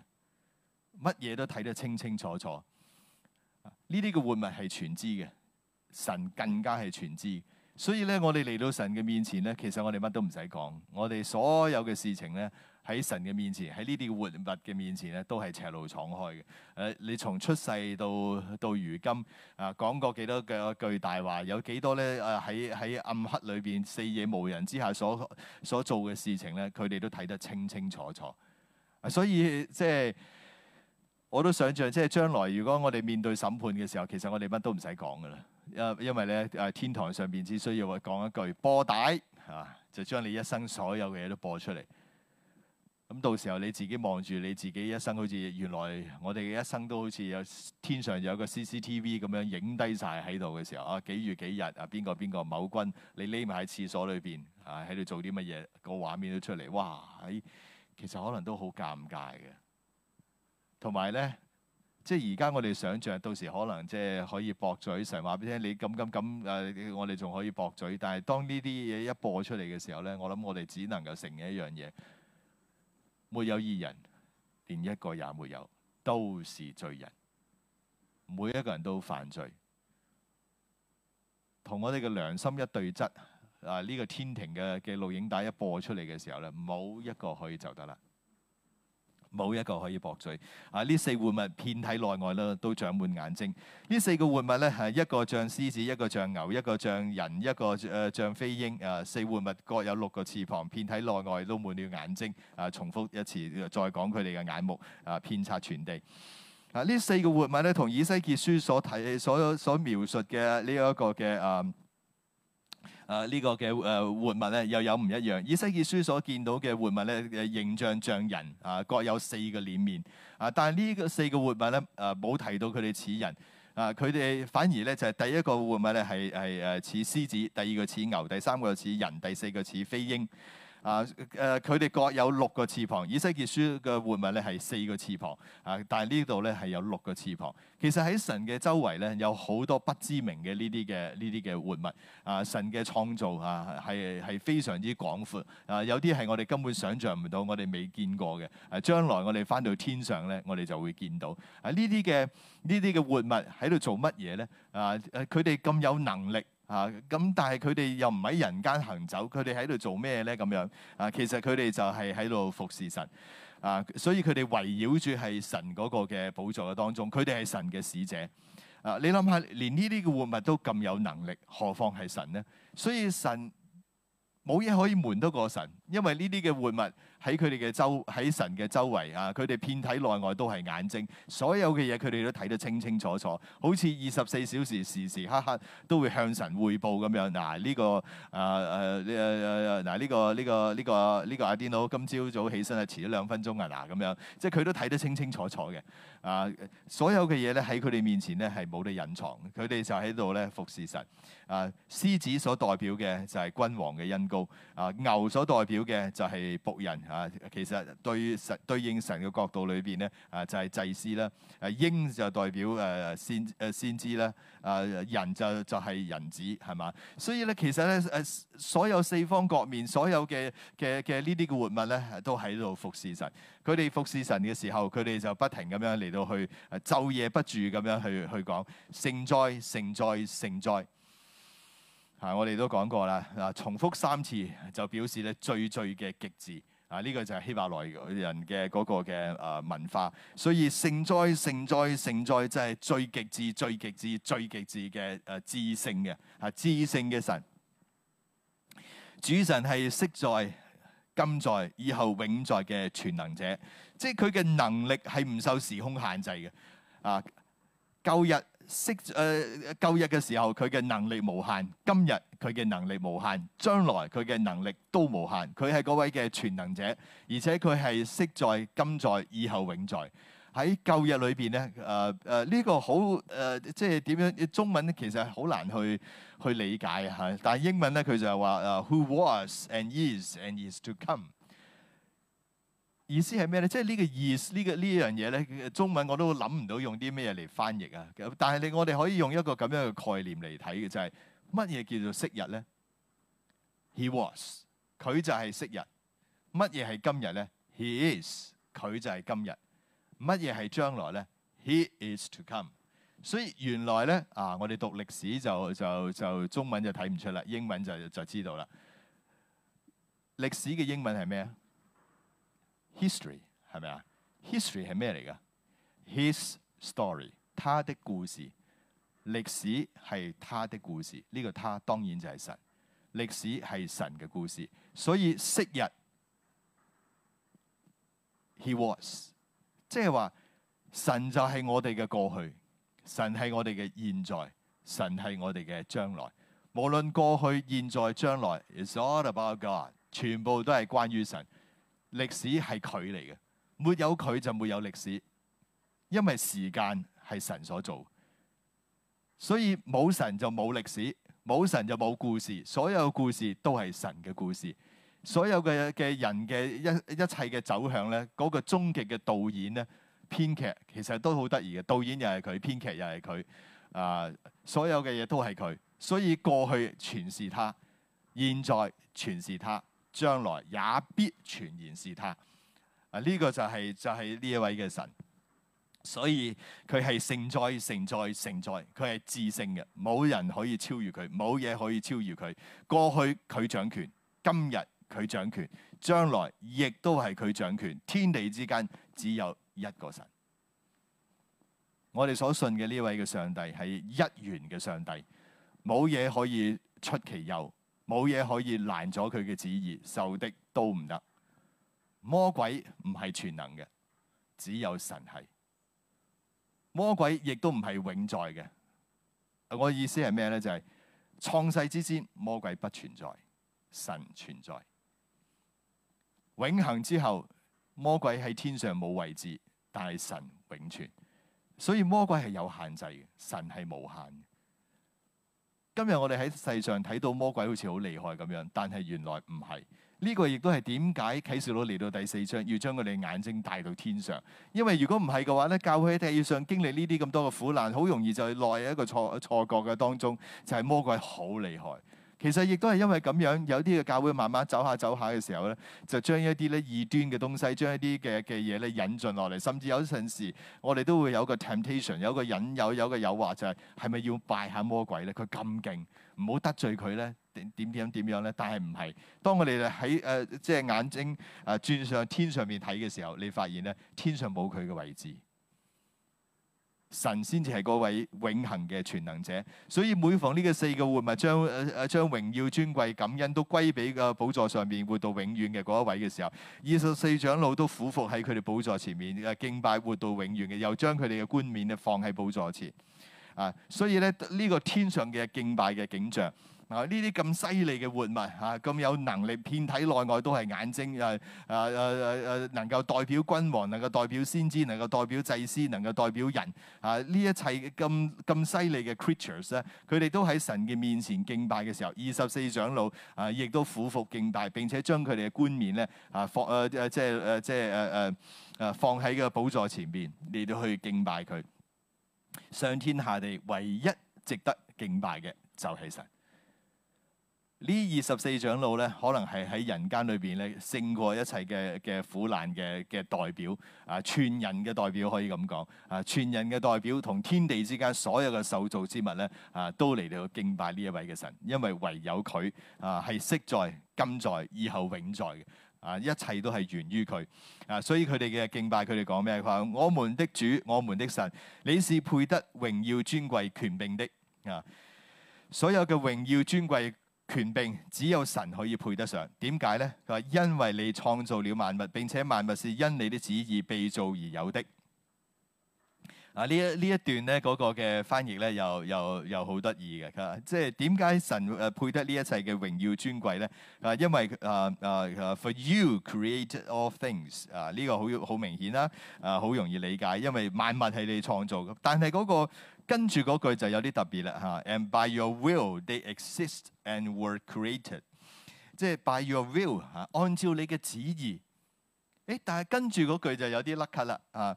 乜嘢都睇得清清楚楚。呢啲嘅活物係全知嘅，神更加係全知。所以咧，我哋嚟到神嘅面前咧，其實我哋乜都唔使講，我哋所有嘅事情咧，喺神嘅面前，喺呢啲活物嘅面前咧，都係赤露敞開嘅。誒、啊，你從出世到到如今啊，講過幾多嘅句大話，有幾多咧？誒、啊，喺喺暗黑裏邊，四野無人之下所所做嘅事情咧，佢哋都睇得清清楚楚。所以即係我都想象，即係將來如果我哋面對審判嘅時候，其實我哋乜都唔使講噶啦。因因為咧誒，天堂上邊只需要講一句播帶係、啊、就將你一生所有嘅嘢都播出嚟。咁到時候你自己望住你自己一生，好似原來我哋嘅一生都好似有天上有個 CCTV 咁樣影低晒喺度嘅時候啊，幾月幾日誰誰啊，邊個邊個某君你匿埋喺廁所裏邊啊，喺度做啲乜嘢個畫面都出嚟，哇！喺其實可能都好尷尬嘅。同埋咧，即係而家我哋想像到時可能即係可以駁嘴成話俾你聽，你咁咁咁誒，我哋仲可以駁嘴。但係當呢啲嘢一播出嚟嘅時候咧，我諗我哋只能夠承認一樣嘢。沒有義人，連一個也沒有，都是罪人。每一個人都犯罪，同我哋嘅良心一對質。嗱、啊，呢、這個天庭嘅嘅錄影帶一播出嚟嘅時候咧，冇一個可以走得啦。冇一個可以駁嘴啊！呢四活物遍體內外啦，都長滿眼睛。呢四個活物咧，係一個像獅子，一個像牛，一個像人，一個誒像飛鷹。誒、啊、四活物各有六個翅膀，遍體內外都滿了眼睛。啊，重複一次，再講佢哋嘅眼目啊，遍察全地。啊，呢四個活物咧，同以西結書所提、所所描述嘅呢一個嘅誒。嗯啊！呢、呃這個嘅誒活物咧又有唔一樣。以西結書所見到嘅活物咧，誒形象像人，啊、呃、各有四個臉面，啊、呃、但係呢個四個活物咧，啊、呃、冇提到佢哋似人，啊佢哋反而咧就係、是、第一個活物咧係係誒似獅子，第二個似牛，第三個似人，第四個似飛鷹。啊，誒佢哋各有六個翅膀，以西結書嘅活物咧係四個翅膀，啊，但係呢度咧係有六個翅膀。其實喺神嘅周圍咧，有好多不知名嘅呢啲嘅呢啲嘅活物，啊，神嘅創造啊係係非常之廣闊，啊，有啲係我哋根本想像唔到，我哋未見過嘅，啊，將來我哋返到天上咧，我哋就會見到啊呢啲嘅呢啲嘅活物喺度做乜嘢咧？啊誒，佢哋咁有能力。啊！咁但係佢哋又唔喺人間行走，佢哋喺度做咩咧？咁樣啊，其實佢哋就係喺度服侍神啊，所以佢哋圍繞住係神嗰個嘅寶座嘅當中，佢哋係神嘅使者啊！你諗下，連呢啲嘅活物都咁有能力，何況係神呢？所以神冇嘢可以瞞得過神，因為呢啲嘅活物。喺佢哋嘅周，喺神嘅周圍啊，佢哋遍體內外都係眼睛，所有嘅嘢佢哋都睇得清清楚楚，好似二十四小時時時刻刻都會向神匯報咁樣。嗱、嗯，呢、呢個啊啊，呢啊，嗱，呢、呃呃嗯呢個呢、呢個呢、呢個呢、呢個阿 Dino 今朝早起身係遲咗兩分鐘啊，嗱咁、嗯、樣，嗯樣嗯嗯、即係佢都睇得清清楚楚嘅。嗯啊，所有嘅嘢咧喺佢哋面前咧係冇得隱藏，佢哋就喺度咧服侍神。啊，獅子所代表嘅就係君王嘅恩膏，啊，牛所代表嘅就係僕人。啊，其實對神對應神嘅角度裏邊咧，啊就係祭司啦，啊鷹就代表誒先誒、啊、先知啦。啊誒人就就係人子係嘛，所以咧其實咧誒所有四方各面所有嘅嘅嘅呢啲嘅活物咧，都喺度服侍神。佢哋服侍神嘅時候，佢哋就不停咁樣嚟到去，晝夜不住咁樣去去講，聖哉！聖哉！聖哉！」啊，我哋都講過啦，嗱，重複三次就表示咧最最嘅極致。啊！呢、這個就係希伯來人嘅嗰個嘅誒文化，所以聖哉、聖哉、聖哉就係最極致、最極致、最極致嘅誒至聖嘅啊！至聖嘅神，主神係昔在、今在、以後永在嘅全能者，即係佢嘅能力係唔受時空限制嘅。啊，舊日。昔誒舊日嘅時候，佢嘅能力無限；今日佢嘅能力無限，將來佢嘅能力都無限。佢係嗰位嘅全能者，而且佢係昔在、今在、以後永在。喺舊日裏邊咧，誒誒呢個好誒、呃，即係點樣？中文其實好難去去理解嚇。但係英文咧，佢就係話誒，Who was and is and is to come。意思係咩咧？即係呢個意思，呢個呢樣嘢咧，中文我都諗唔到用啲咩嚟翻譯啊！但係你我哋可以用一個咁樣嘅概念嚟睇嘅就係乜嘢叫做昔日咧？He was，佢就係昔日。乜嘢係今日咧？He is，佢就係今日。乜嘢係將來咧？He is to come。所以原來咧啊，我哋讀歷史就就就中文就睇唔出啦，英文就就知道啦。歷史嘅英文係咩啊？History 係咪啊？History 係咩嚟噶？His story，他的故事，歷史係他的故事。呢、這個他當然就係神。歷史係神嘅故事，所以昔日 He was，即係話神就係我哋嘅過去，神係我哋嘅現在，神係我哋嘅將來。無論過去、現在、將來，It's all about God，全部都係關於神。歷史係佢嚟嘅，沒有佢就冇有歷史，因為時間係神所做，所以冇神就冇歷史，冇神就冇故事，所有故事都係神嘅故事，所有嘅嘅人嘅一一切嘅走向咧，嗰、那個終極嘅導演咧、編劇，其實都好得意嘅，導演又係佢，編劇又係佢，啊、呃，所有嘅嘢都係佢，所以過去全是他，現在全是他。將來也必全然是他，啊！呢個就係、是、就係呢一位嘅神，所以佢係聖哉聖哉聖哉，佢係至聖嘅，冇人可以超越佢，冇嘢可以超越佢。過去佢掌權，今日佢掌權，將來亦都係佢掌權。天地之間只有一個神，我哋所信嘅呢位嘅上帝係一元嘅上帝，冇嘢可以出其右。冇嘢可以攔咗佢嘅旨意，受的都唔得。魔鬼唔係全能嘅，只有神係。魔鬼亦都唔係永在嘅。我意思係咩呢？就係、是、創世之先，魔鬼不存在，神存在。永恒之後，魔鬼喺天上冇位置，但係神永存。所以魔鬼係有限制嘅，神係無限嘅。今日我哋喺世上睇到魔鬼好似好厲害咁樣，但係原來唔係。呢、這個亦都係點解啟示錄嚟到第四章要將佢哋眼睛帶到天上？因為如果唔係嘅話咧，教會喺地上經歷呢啲咁多嘅苦難，好容易就係落喺一個錯錯覺嘅當中，就係、是、魔鬼好厲害。其實亦都係因為咁樣，有啲嘅教會慢慢走下走下嘅時候咧，就將一啲咧異端嘅東西，將一啲嘅嘅嘢咧引進落嚟，甚至有陣時我哋都會有個 temptation，有個引誘，有個誘惑，就係係咪要拜下魔鬼咧？佢咁勁，唔好得罪佢咧，點點點點樣咧？但係唔係當我哋咧喺誒即係眼睛誒轉上天上面睇嘅時候，你發現咧天上冇佢嘅位置。神先至係嗰位永恆嘅全能者，所以每逢呢個四個活物將誒誒將榮耀尊貴感恩都歸俾個寶座上面活到永遠嘅嗰一位嘅時候，二十四長老都俯伏喺佢哋寶座前面誒敬拜活到永遠嘅，又將佢哋嘅冠冕咧放喺寶座前啊，所以咧呢個天上嘅敬拜嘅景象。嗱，呢啲咁犀利嘅活物嚇，咁、啊、有能力，遍體內外都係眼睛，又係啊啊啊啊，能夠代表君王，能夠代表先知，能夠代表祭司，能夠代表人啊。呢一切咁咁犀利嘅 creatures 咧，佢哋、啊、都喺神嘅面前敬拜嘅時候，二十四長老啊，亦都俯伏敬拜，並且將佢哋嘅冠冕咧啊，啊，啊，啊，啊放啊即係啊即係啊啊啊放喺個寶座前邊嚟到去敬拜佢。上天下地唯一值得敬拜嘅就係神。呢二十四長老咧，可能係喺人間裏邊咧勝過一切嘅嘅苦難嘅嘅代表啊，全人嘅代表可以咁講啊，全人嘅代表同天地之間所有嘅受造之物咧啊，都嚟到敬拜呢一位嘅神，因為唯有佢啊係昔在、今在、以後永在嘅啊，一切都係源於佢啊，所以佢哋嘅敬拜，佢哋講咩？佢話：我們的主、我們的神，你是配得榮耀、尊貴、權柄的啊，所有嘅榮耀尊尊貴、尊貴。權柄只有神可以配得上，點解咧？佢話：因為你創造了萬物，並且萬物是因你的旨意被造而有的。啊，呢一呢一段咧，嗰個嘅翻譯咧，又又又好得意嘅。佢話：即係點解神誒配得呢一切嘅榮耀尊貴咧、uh, uh, 啊這個？啊，因為啊啊 for you created all things。啊，呢個好好明顯啦，啊好容易理解，因為萬物係你創造嘅。但係嗰個。跟住嗰句就有啲特別啦嚇。And by your will they exist and were created。即係 by your will 嚇，按照你嘅旨意。誒，但係跟住嗰句就有啲甩咳啦啊，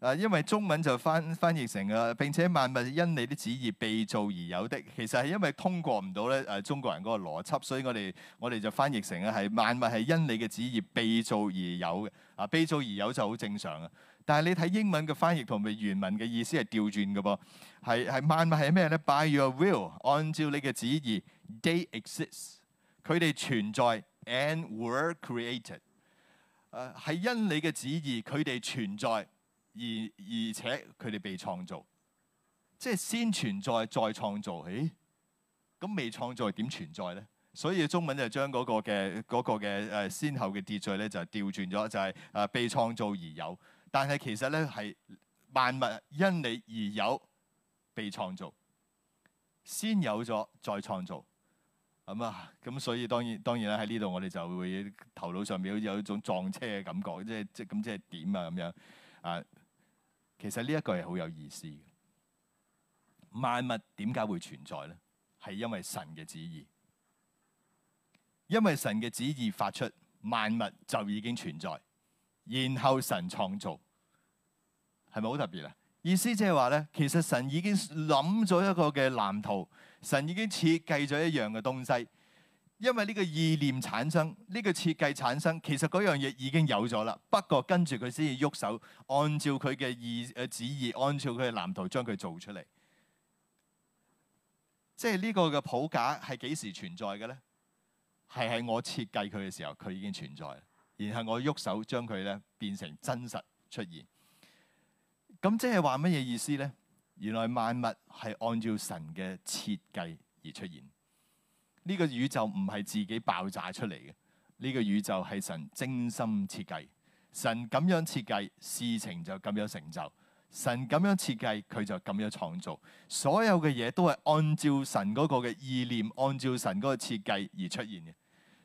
啊，因為中文就翻翻譯成啊，並且萬物因你啲旨意被造而有的。其實係因為通過唔到咧誒中國人嗰個邏輯，所以我哋我哋就翻譯成啊係萬物係因你嘅旨意被造而有嘅，啊被造而有就好正常啊。但係你睇英文嘅翻譯同埋原文嘅意思係調轉嘅噃，係係萬物係咩咧？By your will，按照你嘅旨意，they exist，佢哋存在，and were created，呃。誒係因你嘅旨意，佢哋存在而而且佢哋被創造，即係先存在再創造。誒咁未創造點存在咧？所以中文就將嗰個嘅嗰、嗰個嘅誒先後嘅秩序咧就係調轉咗，就係誒、就係、被創造而有。但係其實咧，係萬物因你而有被創造，先有咗再創造。咁、嗯、啊，咁所以當然當然啦，喺呢度我哋就會頭腦上面好似有一種撞車嘅感覺，即即咁即係點啊咁樣啊？其實呢一個係好有意思嘅。萬物點解會存在咧？係因為神嘅旨意，因為神嘅旨意發出，萬物就已經存在。然後神創造，係咪好特別啊？意思即係話咧，其實神已經諗咗一個嘅藍圖，神已經設計咗一樣嘅東西。因為呢個意念產生，呢個設計產生，其實嗰樣嘢已經有咗啦。不過跟住佢先至喐手，按照佢嘅意誒旨意，按照佢嘅藍圖將佢做出嚟。即係呢個嘅普架係幾時存在嘅咧？係喺我設計佢嘅時候，佢已經存在。然後我喐手將佢咧變成真實出現，咁即係話乜嘢意思呢？原來萬物係按照神嘅設計而出現，呢個宇宙唔係自己爆炸出嚟嘅，呢個宇宙係神精心設計。神咁樣設計，事情就咁樣成就；神咁樣設計，佢就咁樣創造。所有嘅嘢都係按照神嗰個嘅意念，按照神嗰個設計而出現嘅。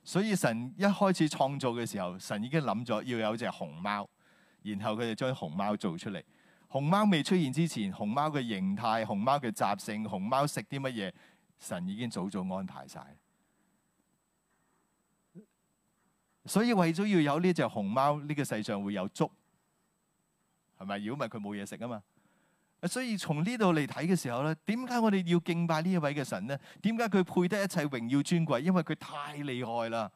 所以神一開始創造嘅時候，神已經諗咗要有隻熊貓，然後佢就將熊貓做出嚟。熊貓未出現之前，熊貓嘅形態、熊貓嘅習性、熊貓食啲乜嘢，神已經早早安排晒。所以為咗要有呢隻熊貓，呢、呢個世上會有竹，係咪？如果唔係，佢冇嘢食啊嘛。所以從呢度嚟睇嘅時候咧，點解我哋要敬拜呢一位嘅神咧？點解佢配得一切榮耀尊貴？因為佢太厲害啦，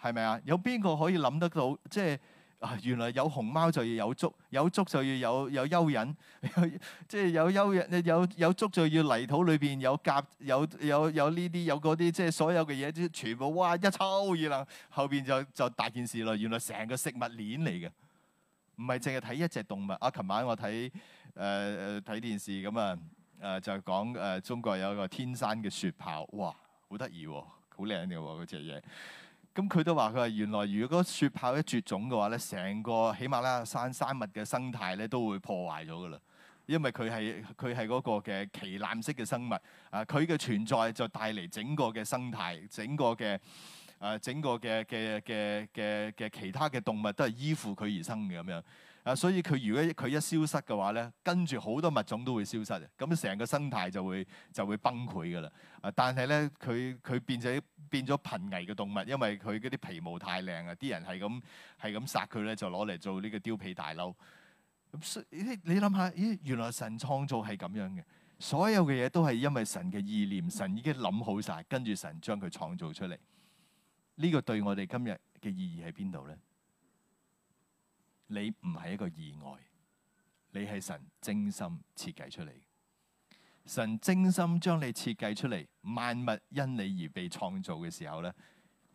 係咪啊？有邊個可以諗得到？即係啊，原來有熊貓就要有竹，有竹就要有有蚯蚓， 即係有蚯蚓有有竹就要泥土裏邊有甲有有有呢啲有嗰啲，即係所有嘅嘢都全部哇一抽二掕，後邊就就大件事咯。原來成個食物鏈嚟嘅，唔係淨係睇一隻動物。啊，琴晚我睇。誒誒睇電視咁啊，誒、呃呃、就係講、呃、中國有一個天山嘅雪豹，哇，好得意喎，好靚嘅喎嗰隻嘢。咁、這、佢、個嗯、都話佢話原來如果雪豹一絕種嘅話咧，成個喜馬拉雅山，山生物嘅生態咧都會破壞咗㗎啦，因為佢係佢係嗰個嘅旗艦式嘅生物啊，佢、呃、嘅存在就帶嚟整個嘅生態、整個嘅誒、呃、整個嘅嘅嘅嘅嘅其他嘅動物都係依附佢而生嘅咁樣。啊，所以佢如果佢一消失嘅話咧，跟住好多物種都會消失，咁成個生態就會就會崩潰噶啦。啊，但係咧，佢佢變咗變咗瀕危嘅動物，因為佢嗰啲皮毛太靚啊，啲人係咁係咁殺佢咧，就攞嚟做呢個貂皮大褸。咁你你諗下，咦，原來神創造係咁樣嘅，所有嘅嘢都係因為神嘅意念，神已經諗好晒，跟住神將佢創造出嚟。呢、呢個對我哋今日嘅意義喺邊度咧？你唔係一個意外，你係神精心設計出嚟。神精心將你設計出嚟，萬物因你而被創造嘅時候呢，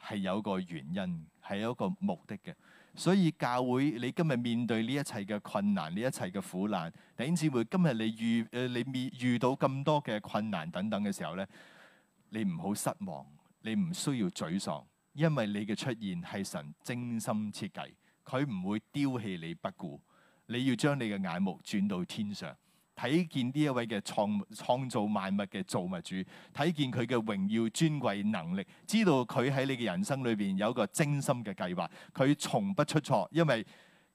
係有個原因，係有一個目的嘅。所以教會，你今日面對呢一切嘅困難，呢一切嘅苦難，弟兄姊妹，今日你遇誒你面遇到咁多嘅困難等等嘅時候呢，你唔好失望，你唔需要沮喪，因為你嘅出現係神精心設計。佢唔會丟棄你不顧，你要將你嘅眼目轉到天上，睇見呢一位嘅創創造萬物嘅造物主，睇見佢嘅榮耀尊貴能力，知道佢喺你嘅人生裏邊有一個精心嘅計劃，佢從不出錯，因為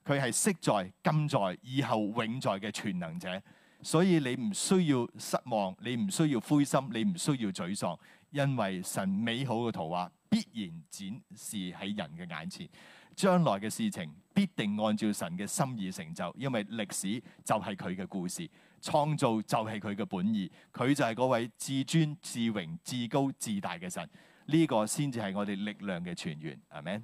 佢係昔在、今在、以後永在嘅全能者，所以你唔需要失望，你唔需要灰心，你唔需要沮喪。因為神美好嘅圖畫必然展示喺人嘅眼前，將來嘅事情必定按照神嘅心意成就。因為歷史就係佢嘅故事，創造就係佢嘅本意，佢就係嗰位至尊、至榮、至高、至大嘅神。呢、這個先至係我哋力量嘅泉源。阿們。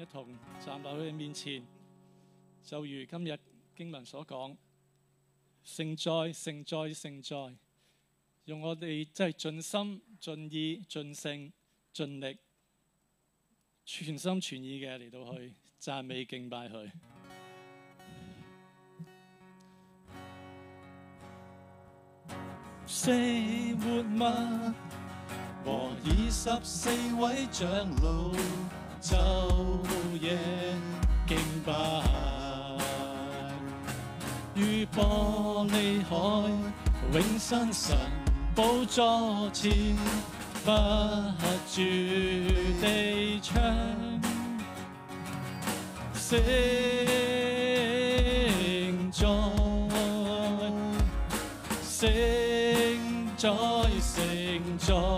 一同站到佢面前，就如今日經文所講，聖哉、聖哉、聖哉，用我哋真係盡心、盡意、盡性、盡力，全心全意嘅嚟到去讚美敬拜佢。四活物和二十四位長老。晝夜敬拜如玻璃海，永生神寶座前，不住地唱，聖哉，聖哉，聖哉。聖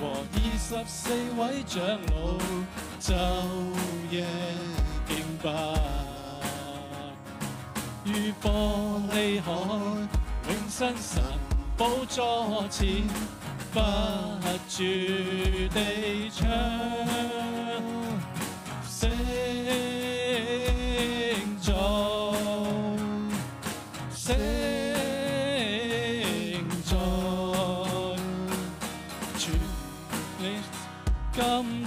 和二十四位長老晝夜敬拜，如玻璃海永生神寶座前不住地唱。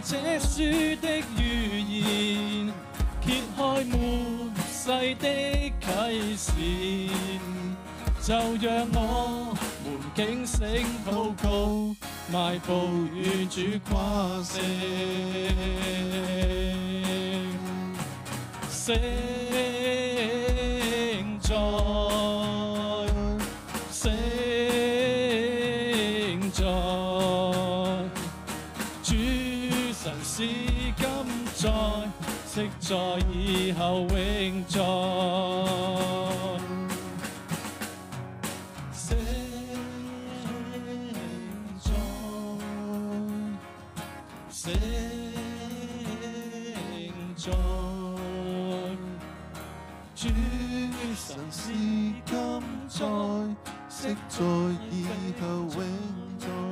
這書的預言，揭開末世的啟示， 就讓我們警醒，禱告，邁步與主誇勝，升在。在以後永在，聖在，聖在，主神是今在，昔在以後永在。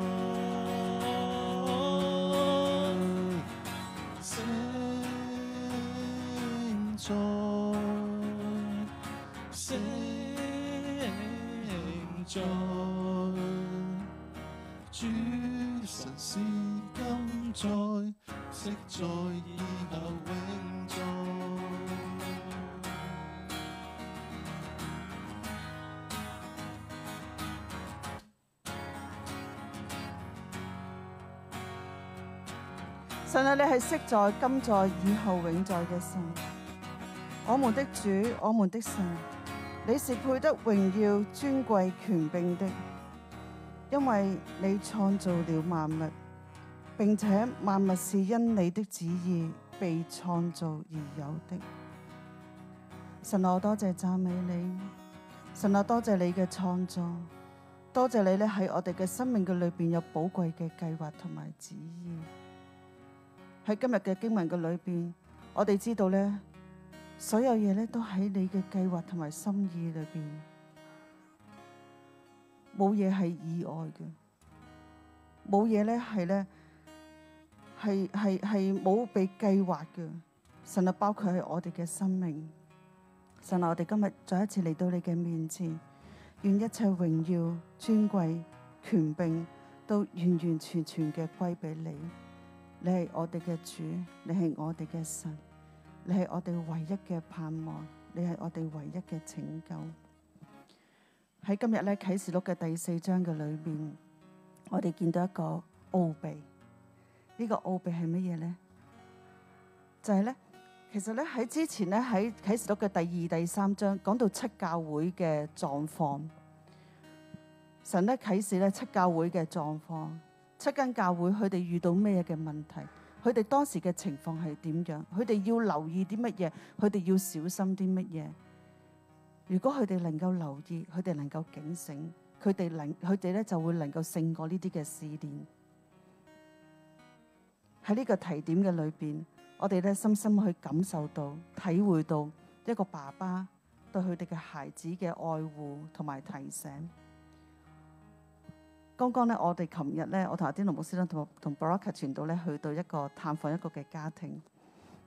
昔在今在以後永在嘅神，我們的主，我們的神，你是配得榮耀尊貴權柄的，因為你創造了萬物，並且萬物是因你的旨意被創造而有的。神我多謝讚美你，神我多謝你嘅創造，多謝你咧喺我哋嘅生命嘅裏邊有寶貴嘅計劃同埋旨意。喺今日嘅經文嘅裏邊，我哋知道咧，所有嘢咧都喺你嘅計劃同埋心意裏邊，冇嘢係意外嘅，冇嘢咧係咧，係係係冇被計劃嘅。神啊，包括喺我哋嘅生命，神啊，我哋今日再一次嚟到你嘅面前，願一切榮耀、尊貴、權柄都完完全全嘅歸俾你。你係我哋嘅主，你係我哋嘅神，你係我哋唯一嘅盼望，你係我哋唯一嘅拯救。喺今日咧，啟示錄嘅第四章嘅裏邊，我哋見到一個奧秘。呢個奧秘係乜嘢呢？就係呢，其實呢，喺之前呢，喺啟示錄嘅第二、第三章講到七教會嘅狀況，神呢，啟示咧七教會嘅狀況。七間教會，佢哋遇到咩嘅問題？佢哋當時嘅情況係點樣？佢哋要留意啲乜嘢？佢哋要小心啲乜嘢？如果佢哋能夠留意，佢哋能夠警醒，佢哋能佢哋咧就會能夠勝過呢啲嘅試煉。喺呢個提點嘅裏邊，我哋咧深深去感受到、體會到一個爸爸對佢哋嘅孩子嘅愛護同埋提醒。剛剛咧，我哋琴日咧，我同阿天龍牧師咧，同同 Baraka 傳道咧，去到一個探訪一個嘅家庭。呢、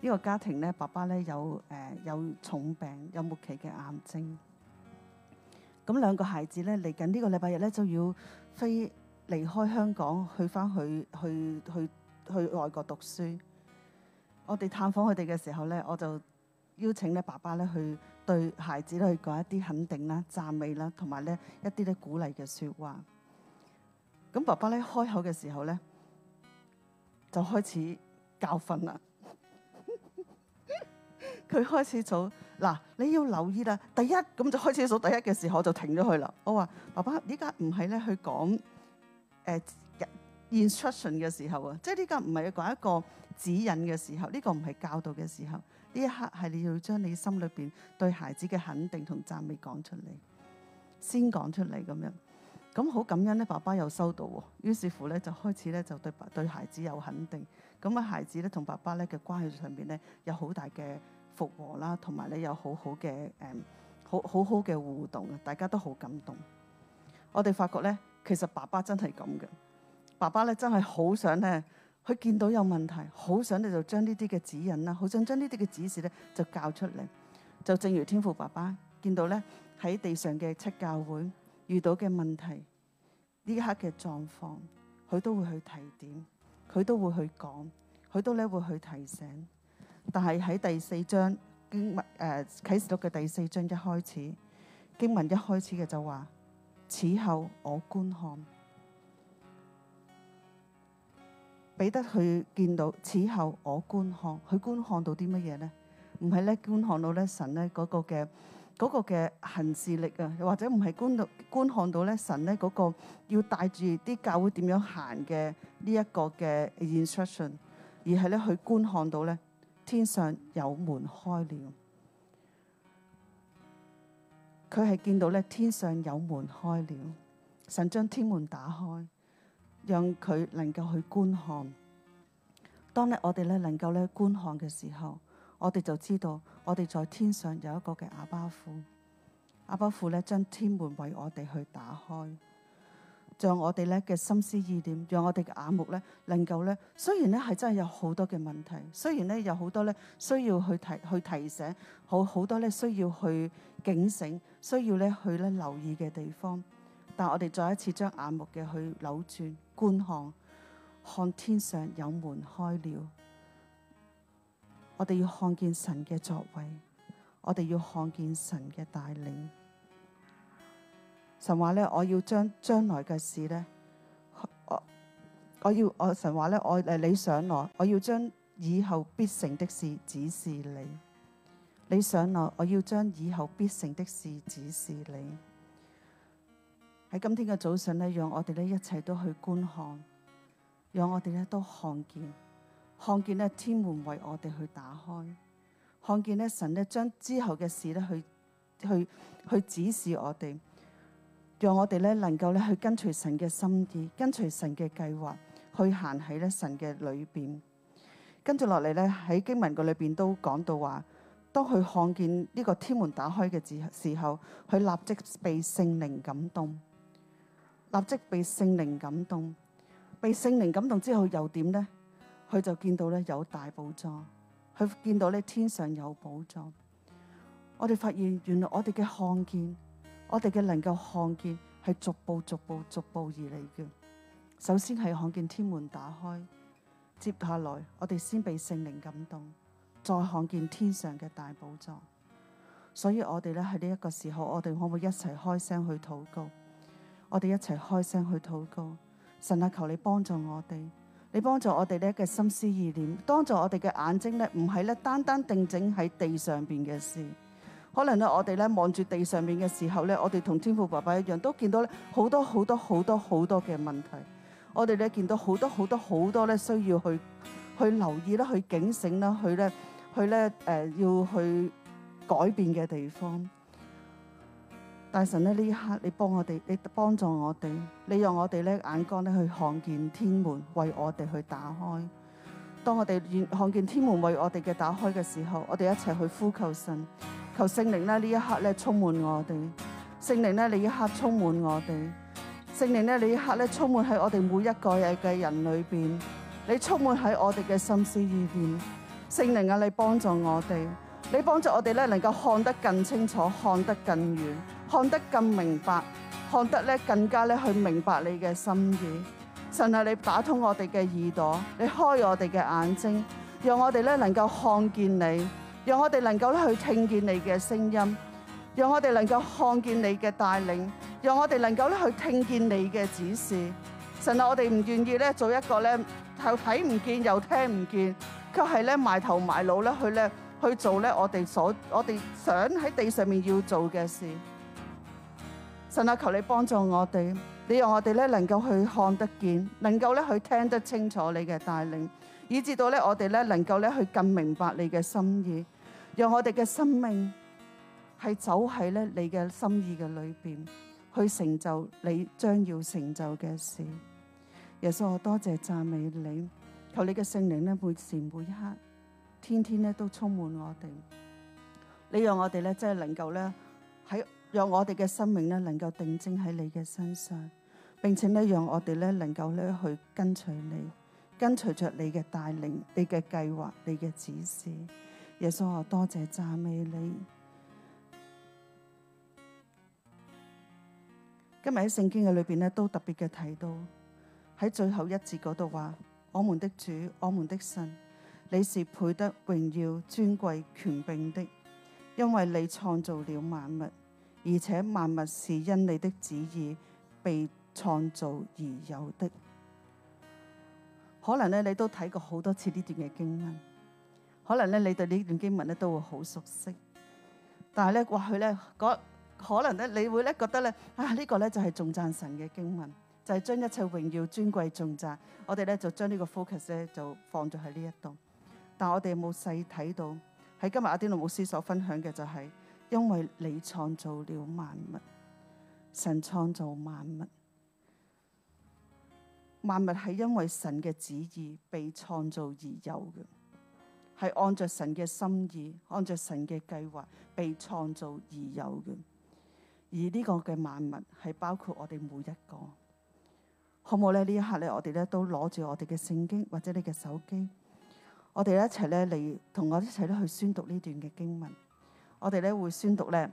這個家庭咧，爸爸咧有誒、呃、有重病，有末期嘅癌症。咁兩個孩子咧嚟緊呢個禮拜日咧就要飛離開香港去翻去去去去，去外國讀書。我哋探訪佢哋嘅時候咧，我就邀請咧爸爸咧去對孩子咧去講一啲肯定啦、讚美啦，同埋咧一啲咧鼓勵嘅説話。咁爸爸咧開口嘅時候咧，就開始教訓啦。佢 開始做嗱，你要留意啦。第一咁就開始數第一嘅時候就停咗佢啦。我話爸爸，依家唔係咧去講誒、呃、instruction 嘅時候啊，即係呢家唔係去講一個指引嘅時候，呢、這個唔係教導嘅時候，呢一刻係你要將你心裏邊對孩子嘅肯定同讚美講出嚟，先講出嚟咁樣。咁好感恩咧，爸爸有收到喎、哦，於是乎咧就開始咧就對對孩子有肯定，咁啊孩子咧同爸爸咧嘅關係上面咧有好大嘅復和啦，同埋咧有，呢有好、嗯、好，好好嘅誒好好好嘅互動啊，大家都好感動。我哋發覺咧，其實爸爸真係咁嘅，爸爸咧真係好想咧，佢見到有問題，好想咧就將呢啲嘅指引啦，好想將呢啲嘅指示咧就教出嚟。就正如天父爸爸見到咧喺地上嘅七教會，遇到嘅問題，呢刻嘅狀況，佢都會去提點，佢都會去講，佢都咧會去提醒。但係喺第四章經文誒呃、啟示錄嘅第四章一開始，經文一開始嘅就話：此後我觀看，畀得佢見到，此後我觀看，佢觀看到啲乜嘢呢？唔係咧觀看到咧神咧嗰、那個嘅，嗰個嘅行事力啊，或者唔係觀到，觀看到咧，神咧嗰個要帶住啲教會點樣行嘅呢一個嘅 instruction，而係咧去觀看到咧天上有門開了，佢係見到咧天上有門開了，神將天門打開，讓佢能夠去觀看。當咧我哋咧能夠咧觀看嘅時候。我哋就知道，我哋在天上有一個嘅阿爸父，阿爸父咧將天門為我哋去打開，將我哋咧嘅心思意念，讓我哋嘅眼目咧能夠咧，雖然咧係真係有好多嘅問題，雖然咧有好多咧需要去提去提醒，好好多咧需要去警醒，需要咧去咧留意嘅地方，但我哋再一次將眼目嘅去扭轉觀看，看天上有門開了。我哋要看見神嘅作為，我哋要看見神嘅帶領。神話呢，我要將將來嘅事呢，我，我要我神話呢，我誒你上來，我要將以後必成的事指示你。你上來，我要將以後必成的事指示你。喺今天嘅早上呢，讓我哋呢一齊都去觀看，讓我哋呢都看見。看見呢天門為我哋去打開，看見呢神呢將之後嘅事呢去去去指示我哋，讓我哋呢能夠呢去跟隨神嘅心意，跟隨神嘅計劃去行喺呢神嘅裏邊。跟住落嚟呢，喺經文嘅裏邊都講到話，當佢看見呢個天門打開嘅時時候，佢立即被聖靈感動，立即被聖靈感動，被聖靈感動，被聖靈感動之後又點呢？佢就見到咧有大寶藏，佢見到咧天上有寶藏。我哋發現原來我哋嘅看見，我哋嘅能夠看見係逐步逐步逐步而嚟嘅。首先係看見天門打開，接下來我哋先被聖靈感動，再看見天上嘅大寶藏。所以我哋咧喺呢一個時候，我哋可唔可以一齊開聲去禱告？我哋一齊開聲去禱告，神啊，求你幫助我哋。你幫助我哋咧嘅心思意念，幫助我哋嘅眼睛咧，唔係咧單單定睛喺地上邊嘅事。可能咧我哋咧望住地上面嘅時候咧，我哋同天父爸爸一樣，都見到咧好多好多好多好多嘅問題。我哋咧見到好多好多好多咧需要去去留意啦，去警醒啦，去咧去咧誒、呃、要去改變嘅地方。大神呢一刻你幫我哋，你幫助我哋，你用我哋咧眼光咧去，看見，去看見天門為我哋去打開。當我哋見看見天門為我哋嘅打開嘅時候，我哋一齊去呼求神，求聖靈咧呢一刻咧充滿我哋。聖靈呢，你一刻充滿我哋。聖靈呢，你一刻咧充滿喺我哋每一個嘢嘅人裏邊。你充滿喺我哋嘅心思意念。聖靈啊，你幫助我哋，你幫助我哋咧能夠看得更清楚，看得更遠。看得更明白，看得咧更加咧去明白你嘅心意。神啊，你打通我哋嘅耳朵，你開我哋嘅眼睛，讓我哋咧能夠看見你，讓我哋能夠咧去聽見你嘅聲音，讓我哋能夠看見你嘅帶領，讓我哋能夠咧去聽見你嘅指示。神啊，我哋唔願意咧做一個咧又睇唔見又聽唔見，卻係咧埋頭埋腦咧去咧去做咧我哋所我哋想喺地上面要做嘅事。神啊，求你幫助我哋，你讓我哋咧能夠去看得見，能夠咧去聽得清楚你嘅帶領，以至到咧我哋咧能夠咧去更明白你嘅心意，讓我哋嘅生命係走喺咧你嘅心意嘅裏邊，去成就你將要成就嘅事。耶穌，我多謝讚美你，求你嘅聖靈咧，每時每一刻，天天咧都充滿我哋，你讓我哋咧真係能夠咧喺。讓我哋嘅生命咧，能夠定睛喺你嘅身上，並且咧，讓我哋咧能夠咧去跟隨你，跟隨着你嘅帶領、你嘅計劃、你嘅指示。耶穌啊，多謝讚美你。今日喺聖經嘅裏邊咧，都特別嘅提到喺最後一節嗰度話：我們的主、我們的神，你是配得榮耀、尊貴、權柄的，因為你創造了萬物。而且萬物是因你的旨意被創造而有的。可能咧，你都睇過好多次呢段嘅經文，可能你對呢段經文都會好熟悉。但係咧，或可能你會咧覺得啊呢、呢個咧就係重贊神嘅經文，就係、是、將一切榮耀尊貴重贊。我哋咧就將呢個 focus 咧就放咗喺呢一度。但係我哋有冇細睇到？喺今日阿啲路牧師所分享嘅就係、是。因為你創造了萬物，神創造萬物，萬物係因為神嘅旨意被創造而有嘅，係按着神嘅心意、按着神嘅計劃被創造而有嘅。而呢個嘅萬物係包括我哋每一個，好唔好呢？呢一刻咧，我哋咧都攞住我哋嘅聖經或者你嘅手機，我哋一齊咧嚟同我一齊咧去宣讀呢段嘅經文。我哋咧會宣讀咧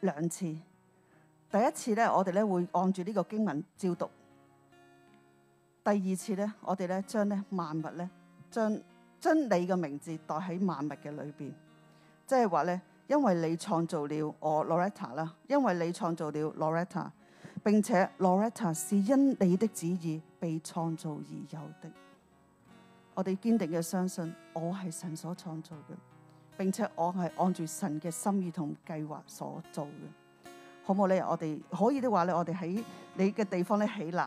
兩次，第一次咧我哋咧會按住呢個經文照讀，第二次咧我哋咧將咧萬物咧將將你嘅名字代喺萬物嘅裏邊，即係話咧，因為你創造了我 Loretta 啦，因為你創造了 Loretta，並且 Loretta 是因你的旨意被創造而有的，我哋堅定嘅相信我係神所創造嘅。並且我係按住神嘅心意同計劃所做嘅，好唔好咧？我哋可以的話咧，我哋喺你嘅地方咧起立。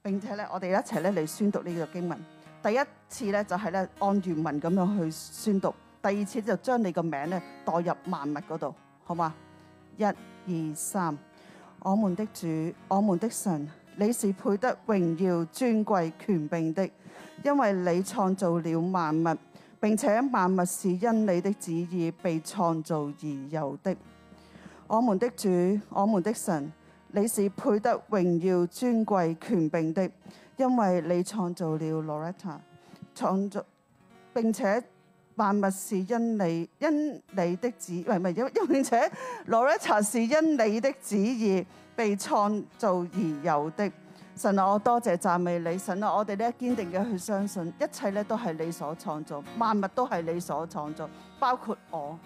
並且咧，我哋一齊咧嚟宣讀呢個經文。第一次咧就係咧按原文咁樣去宣讀，第二次就將你個名咧代入萬物嗰度，好嘛？一、二、三，我們的主，我們的神，你是配得榮耀、尊貴、權柄的，因為你創造了萬物。並且萬物是因你的旨意被創造而有的，我們的主，我們的神，你是配得榮耀、尊貴、權柄的，因為你創造了羅拉塔，創造並且萬物是因你因你的旨意，唔係唔係，因為並且羅拉塔是因你的旨意被創造而有的。神啊，我多謝讚美你。神啊，我哋咧堅定嘅去相信，一切咧都係你所創造，萬物都係你所創造，包括我，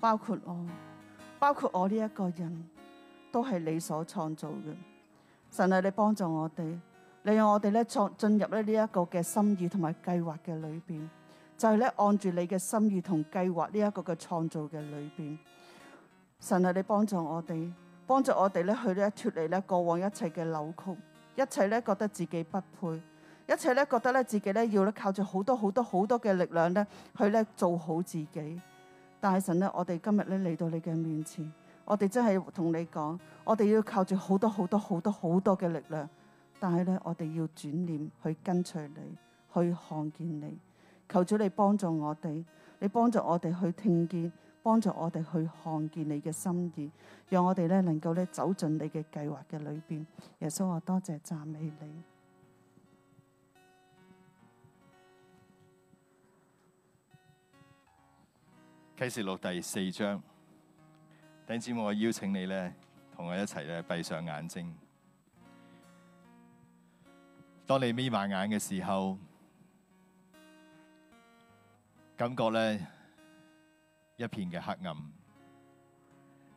包括我，包括我呢一個人都係你所創造嘅。神啊，你幫助我哋，你讓我哋咧創進入咧呢一個嘅心意同埋計劃嘅裏邊，就係咧按住你嘅心意同計劃呢一個嘅創造嘅裏邊。神啊，你幫助我哋，幫助我哋咧去咧脫離咧過往一切嘅扭曲。一切咧覺得自己不配，一切咧覺得咧自己咧要咧靠住好多好多好多嘅力量咧去咧做好自己。大神咧，我哋今日咧嚟到你嘅面前，我哋真係同你講，我哋要靠住好多好多好多好多嘅力量，但係咧，我哋要轉念去跟隨你，去看見你。求主你幫助我哋，你幫助我哋去聽見。幫助我哋去看見你嘅心意，讓我哋咧能夠咧走進你嘅計劃嘅裏邊。耶穌，我多謝讚美你。啟示錄第四章，弟兄姊妹，我邀請你咧，同我一齊咧閉上眼睛。當你眯埋眼嘅時候，感覺咧。一片嘅黑暗，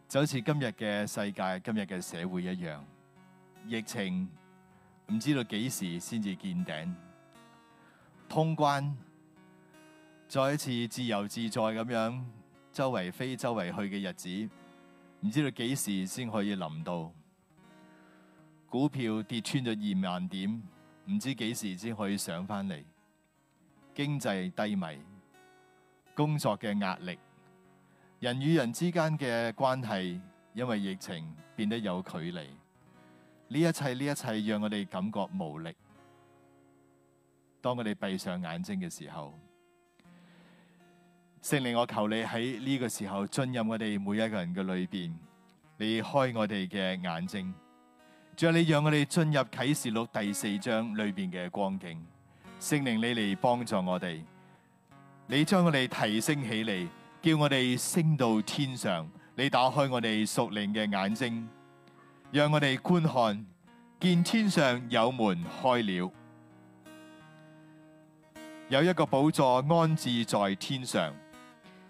就好似今日嘅世界、今日嘅社會一樣。疫情唔知道幾時先至見頂，通關再一次自由自在咁樣周圍飛、周圍去嘅日子，唔知道幾時先可以臨到。股票跌穿咗二萬點，唔知幾時先可以上翻嚟。經濟低迷，工作嘅壓力。人與人之間嘅關係，因為疫情變得有距離。呢一切呢一切，一切讓我哋感覺無力。當我哋閉上眼睛嘅時候，聖靈，我求你喺呢個時候進入我哋每一個人嘅裏邊，你開我哋嘅眼睛。主，你讓我哋進入啟示錄第四章裏邊嘅光景。聖靈，你嚟幫助我哋，你將我哋提升起嚟。叫我哋升到天上，你打開我哋屬靈嘅眼睛，讓我哋觀看，見天上有門開了，有一個寶座安置在天上，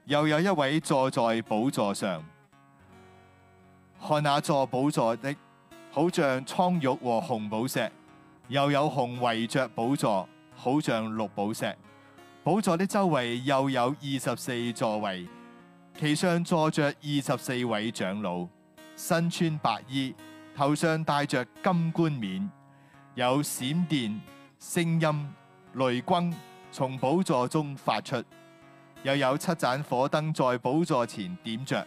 又有一位坐在寶座上，看那座寶座的好像蒼玉和紅寶石，又有紅圍着寶座，好像綠寶石。寶座的周圍又有二十四座位，其上坐着二十四位長老，身穿白衣，頭上戴着金冠冕，有閃電、聲音、雷轟從寶座中發出，又有七盞火燈在寶座前點着，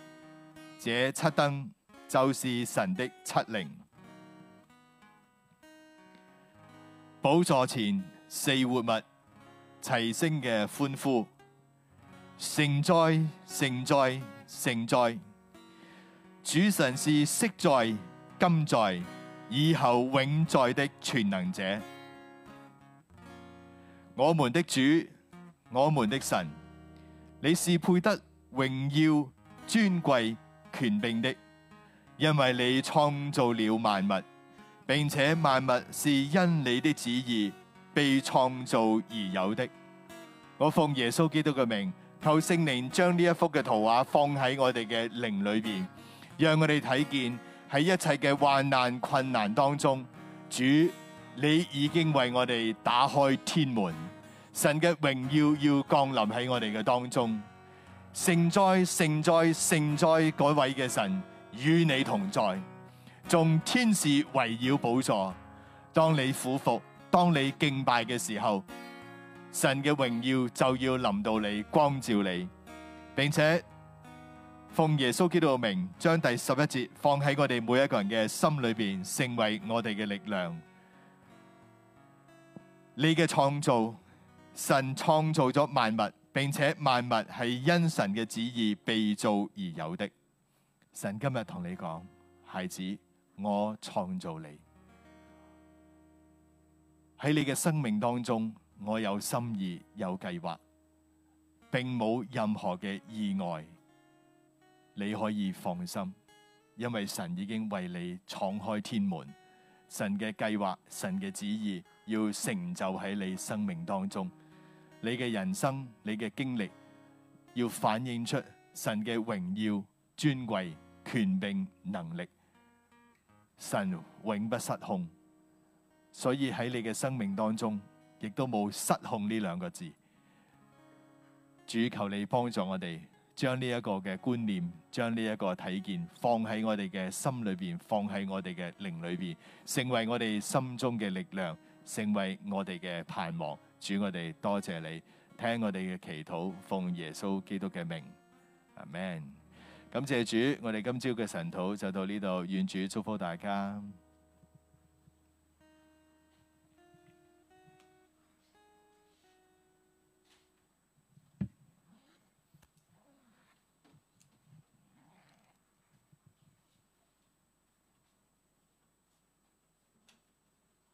這七燈就是神的七靈。寶座前四活物。齊聲嘅歡呼，聖哉！聖哉，聖哉，主神是昔在、今在、以後永在的全能者。我們的主，我們的神，你是配得榮耀、尊貴、權柄的，因為你創造了萬物，並且萬物是因你的旨意，被創造而有的，我奉耶穌基督嘅名，求聖靈將呢一幅嘅圖畫放喺我哋嘅靈裏邊，讓我哋睇見喺一切嘅患難困難當中，主你已經為我哋打開天門，神嘅榮耀要降臨喺我哋嘅當中，聖哉、聖哉、聖哉嗰位嘅神與你同在，眾天使圍繞寶座，當你俯伏，當你敬拜嘅時候，神嘅榮耀就要臨到你，光照你，並且奉耶穌基督嘅名，將第十一節放喺我哋每一個人嘅心裏邊，成為我哋嘅力量。你嘅創造，神創造咗萬物，並且萬物係因神嘅旨意被造而有的。神今日同你講，孩子，我創造你。喺你嘅生命當中，我有心意，有計劃，並冇任何嘅意外，你可以放心，因為神已經為你敞開天門，神嘅計劃、神嘅旨意要成就喺你生命當中，你嘅人生、你嘅經歷要反映出神嘅榮耀、尊貴、權柄、能力，神永不失控。所以喺你嘅生命當中，亦都冇失控呢兩個字。主求你幫助我哋，將呢一個嘅觀念，將呢一個體驗放喺我哋嘅心裏邊，放喺我哋嘅靈裏邊，成為我哋心中嘅力量，成為我哋嘅盼望。主我哋多謝你，聽我哋嘅祈禱，奉耶穌基督嘅名，阿門，感謝主，我哋今朝嘅神土就到呢度，願主祝福大家。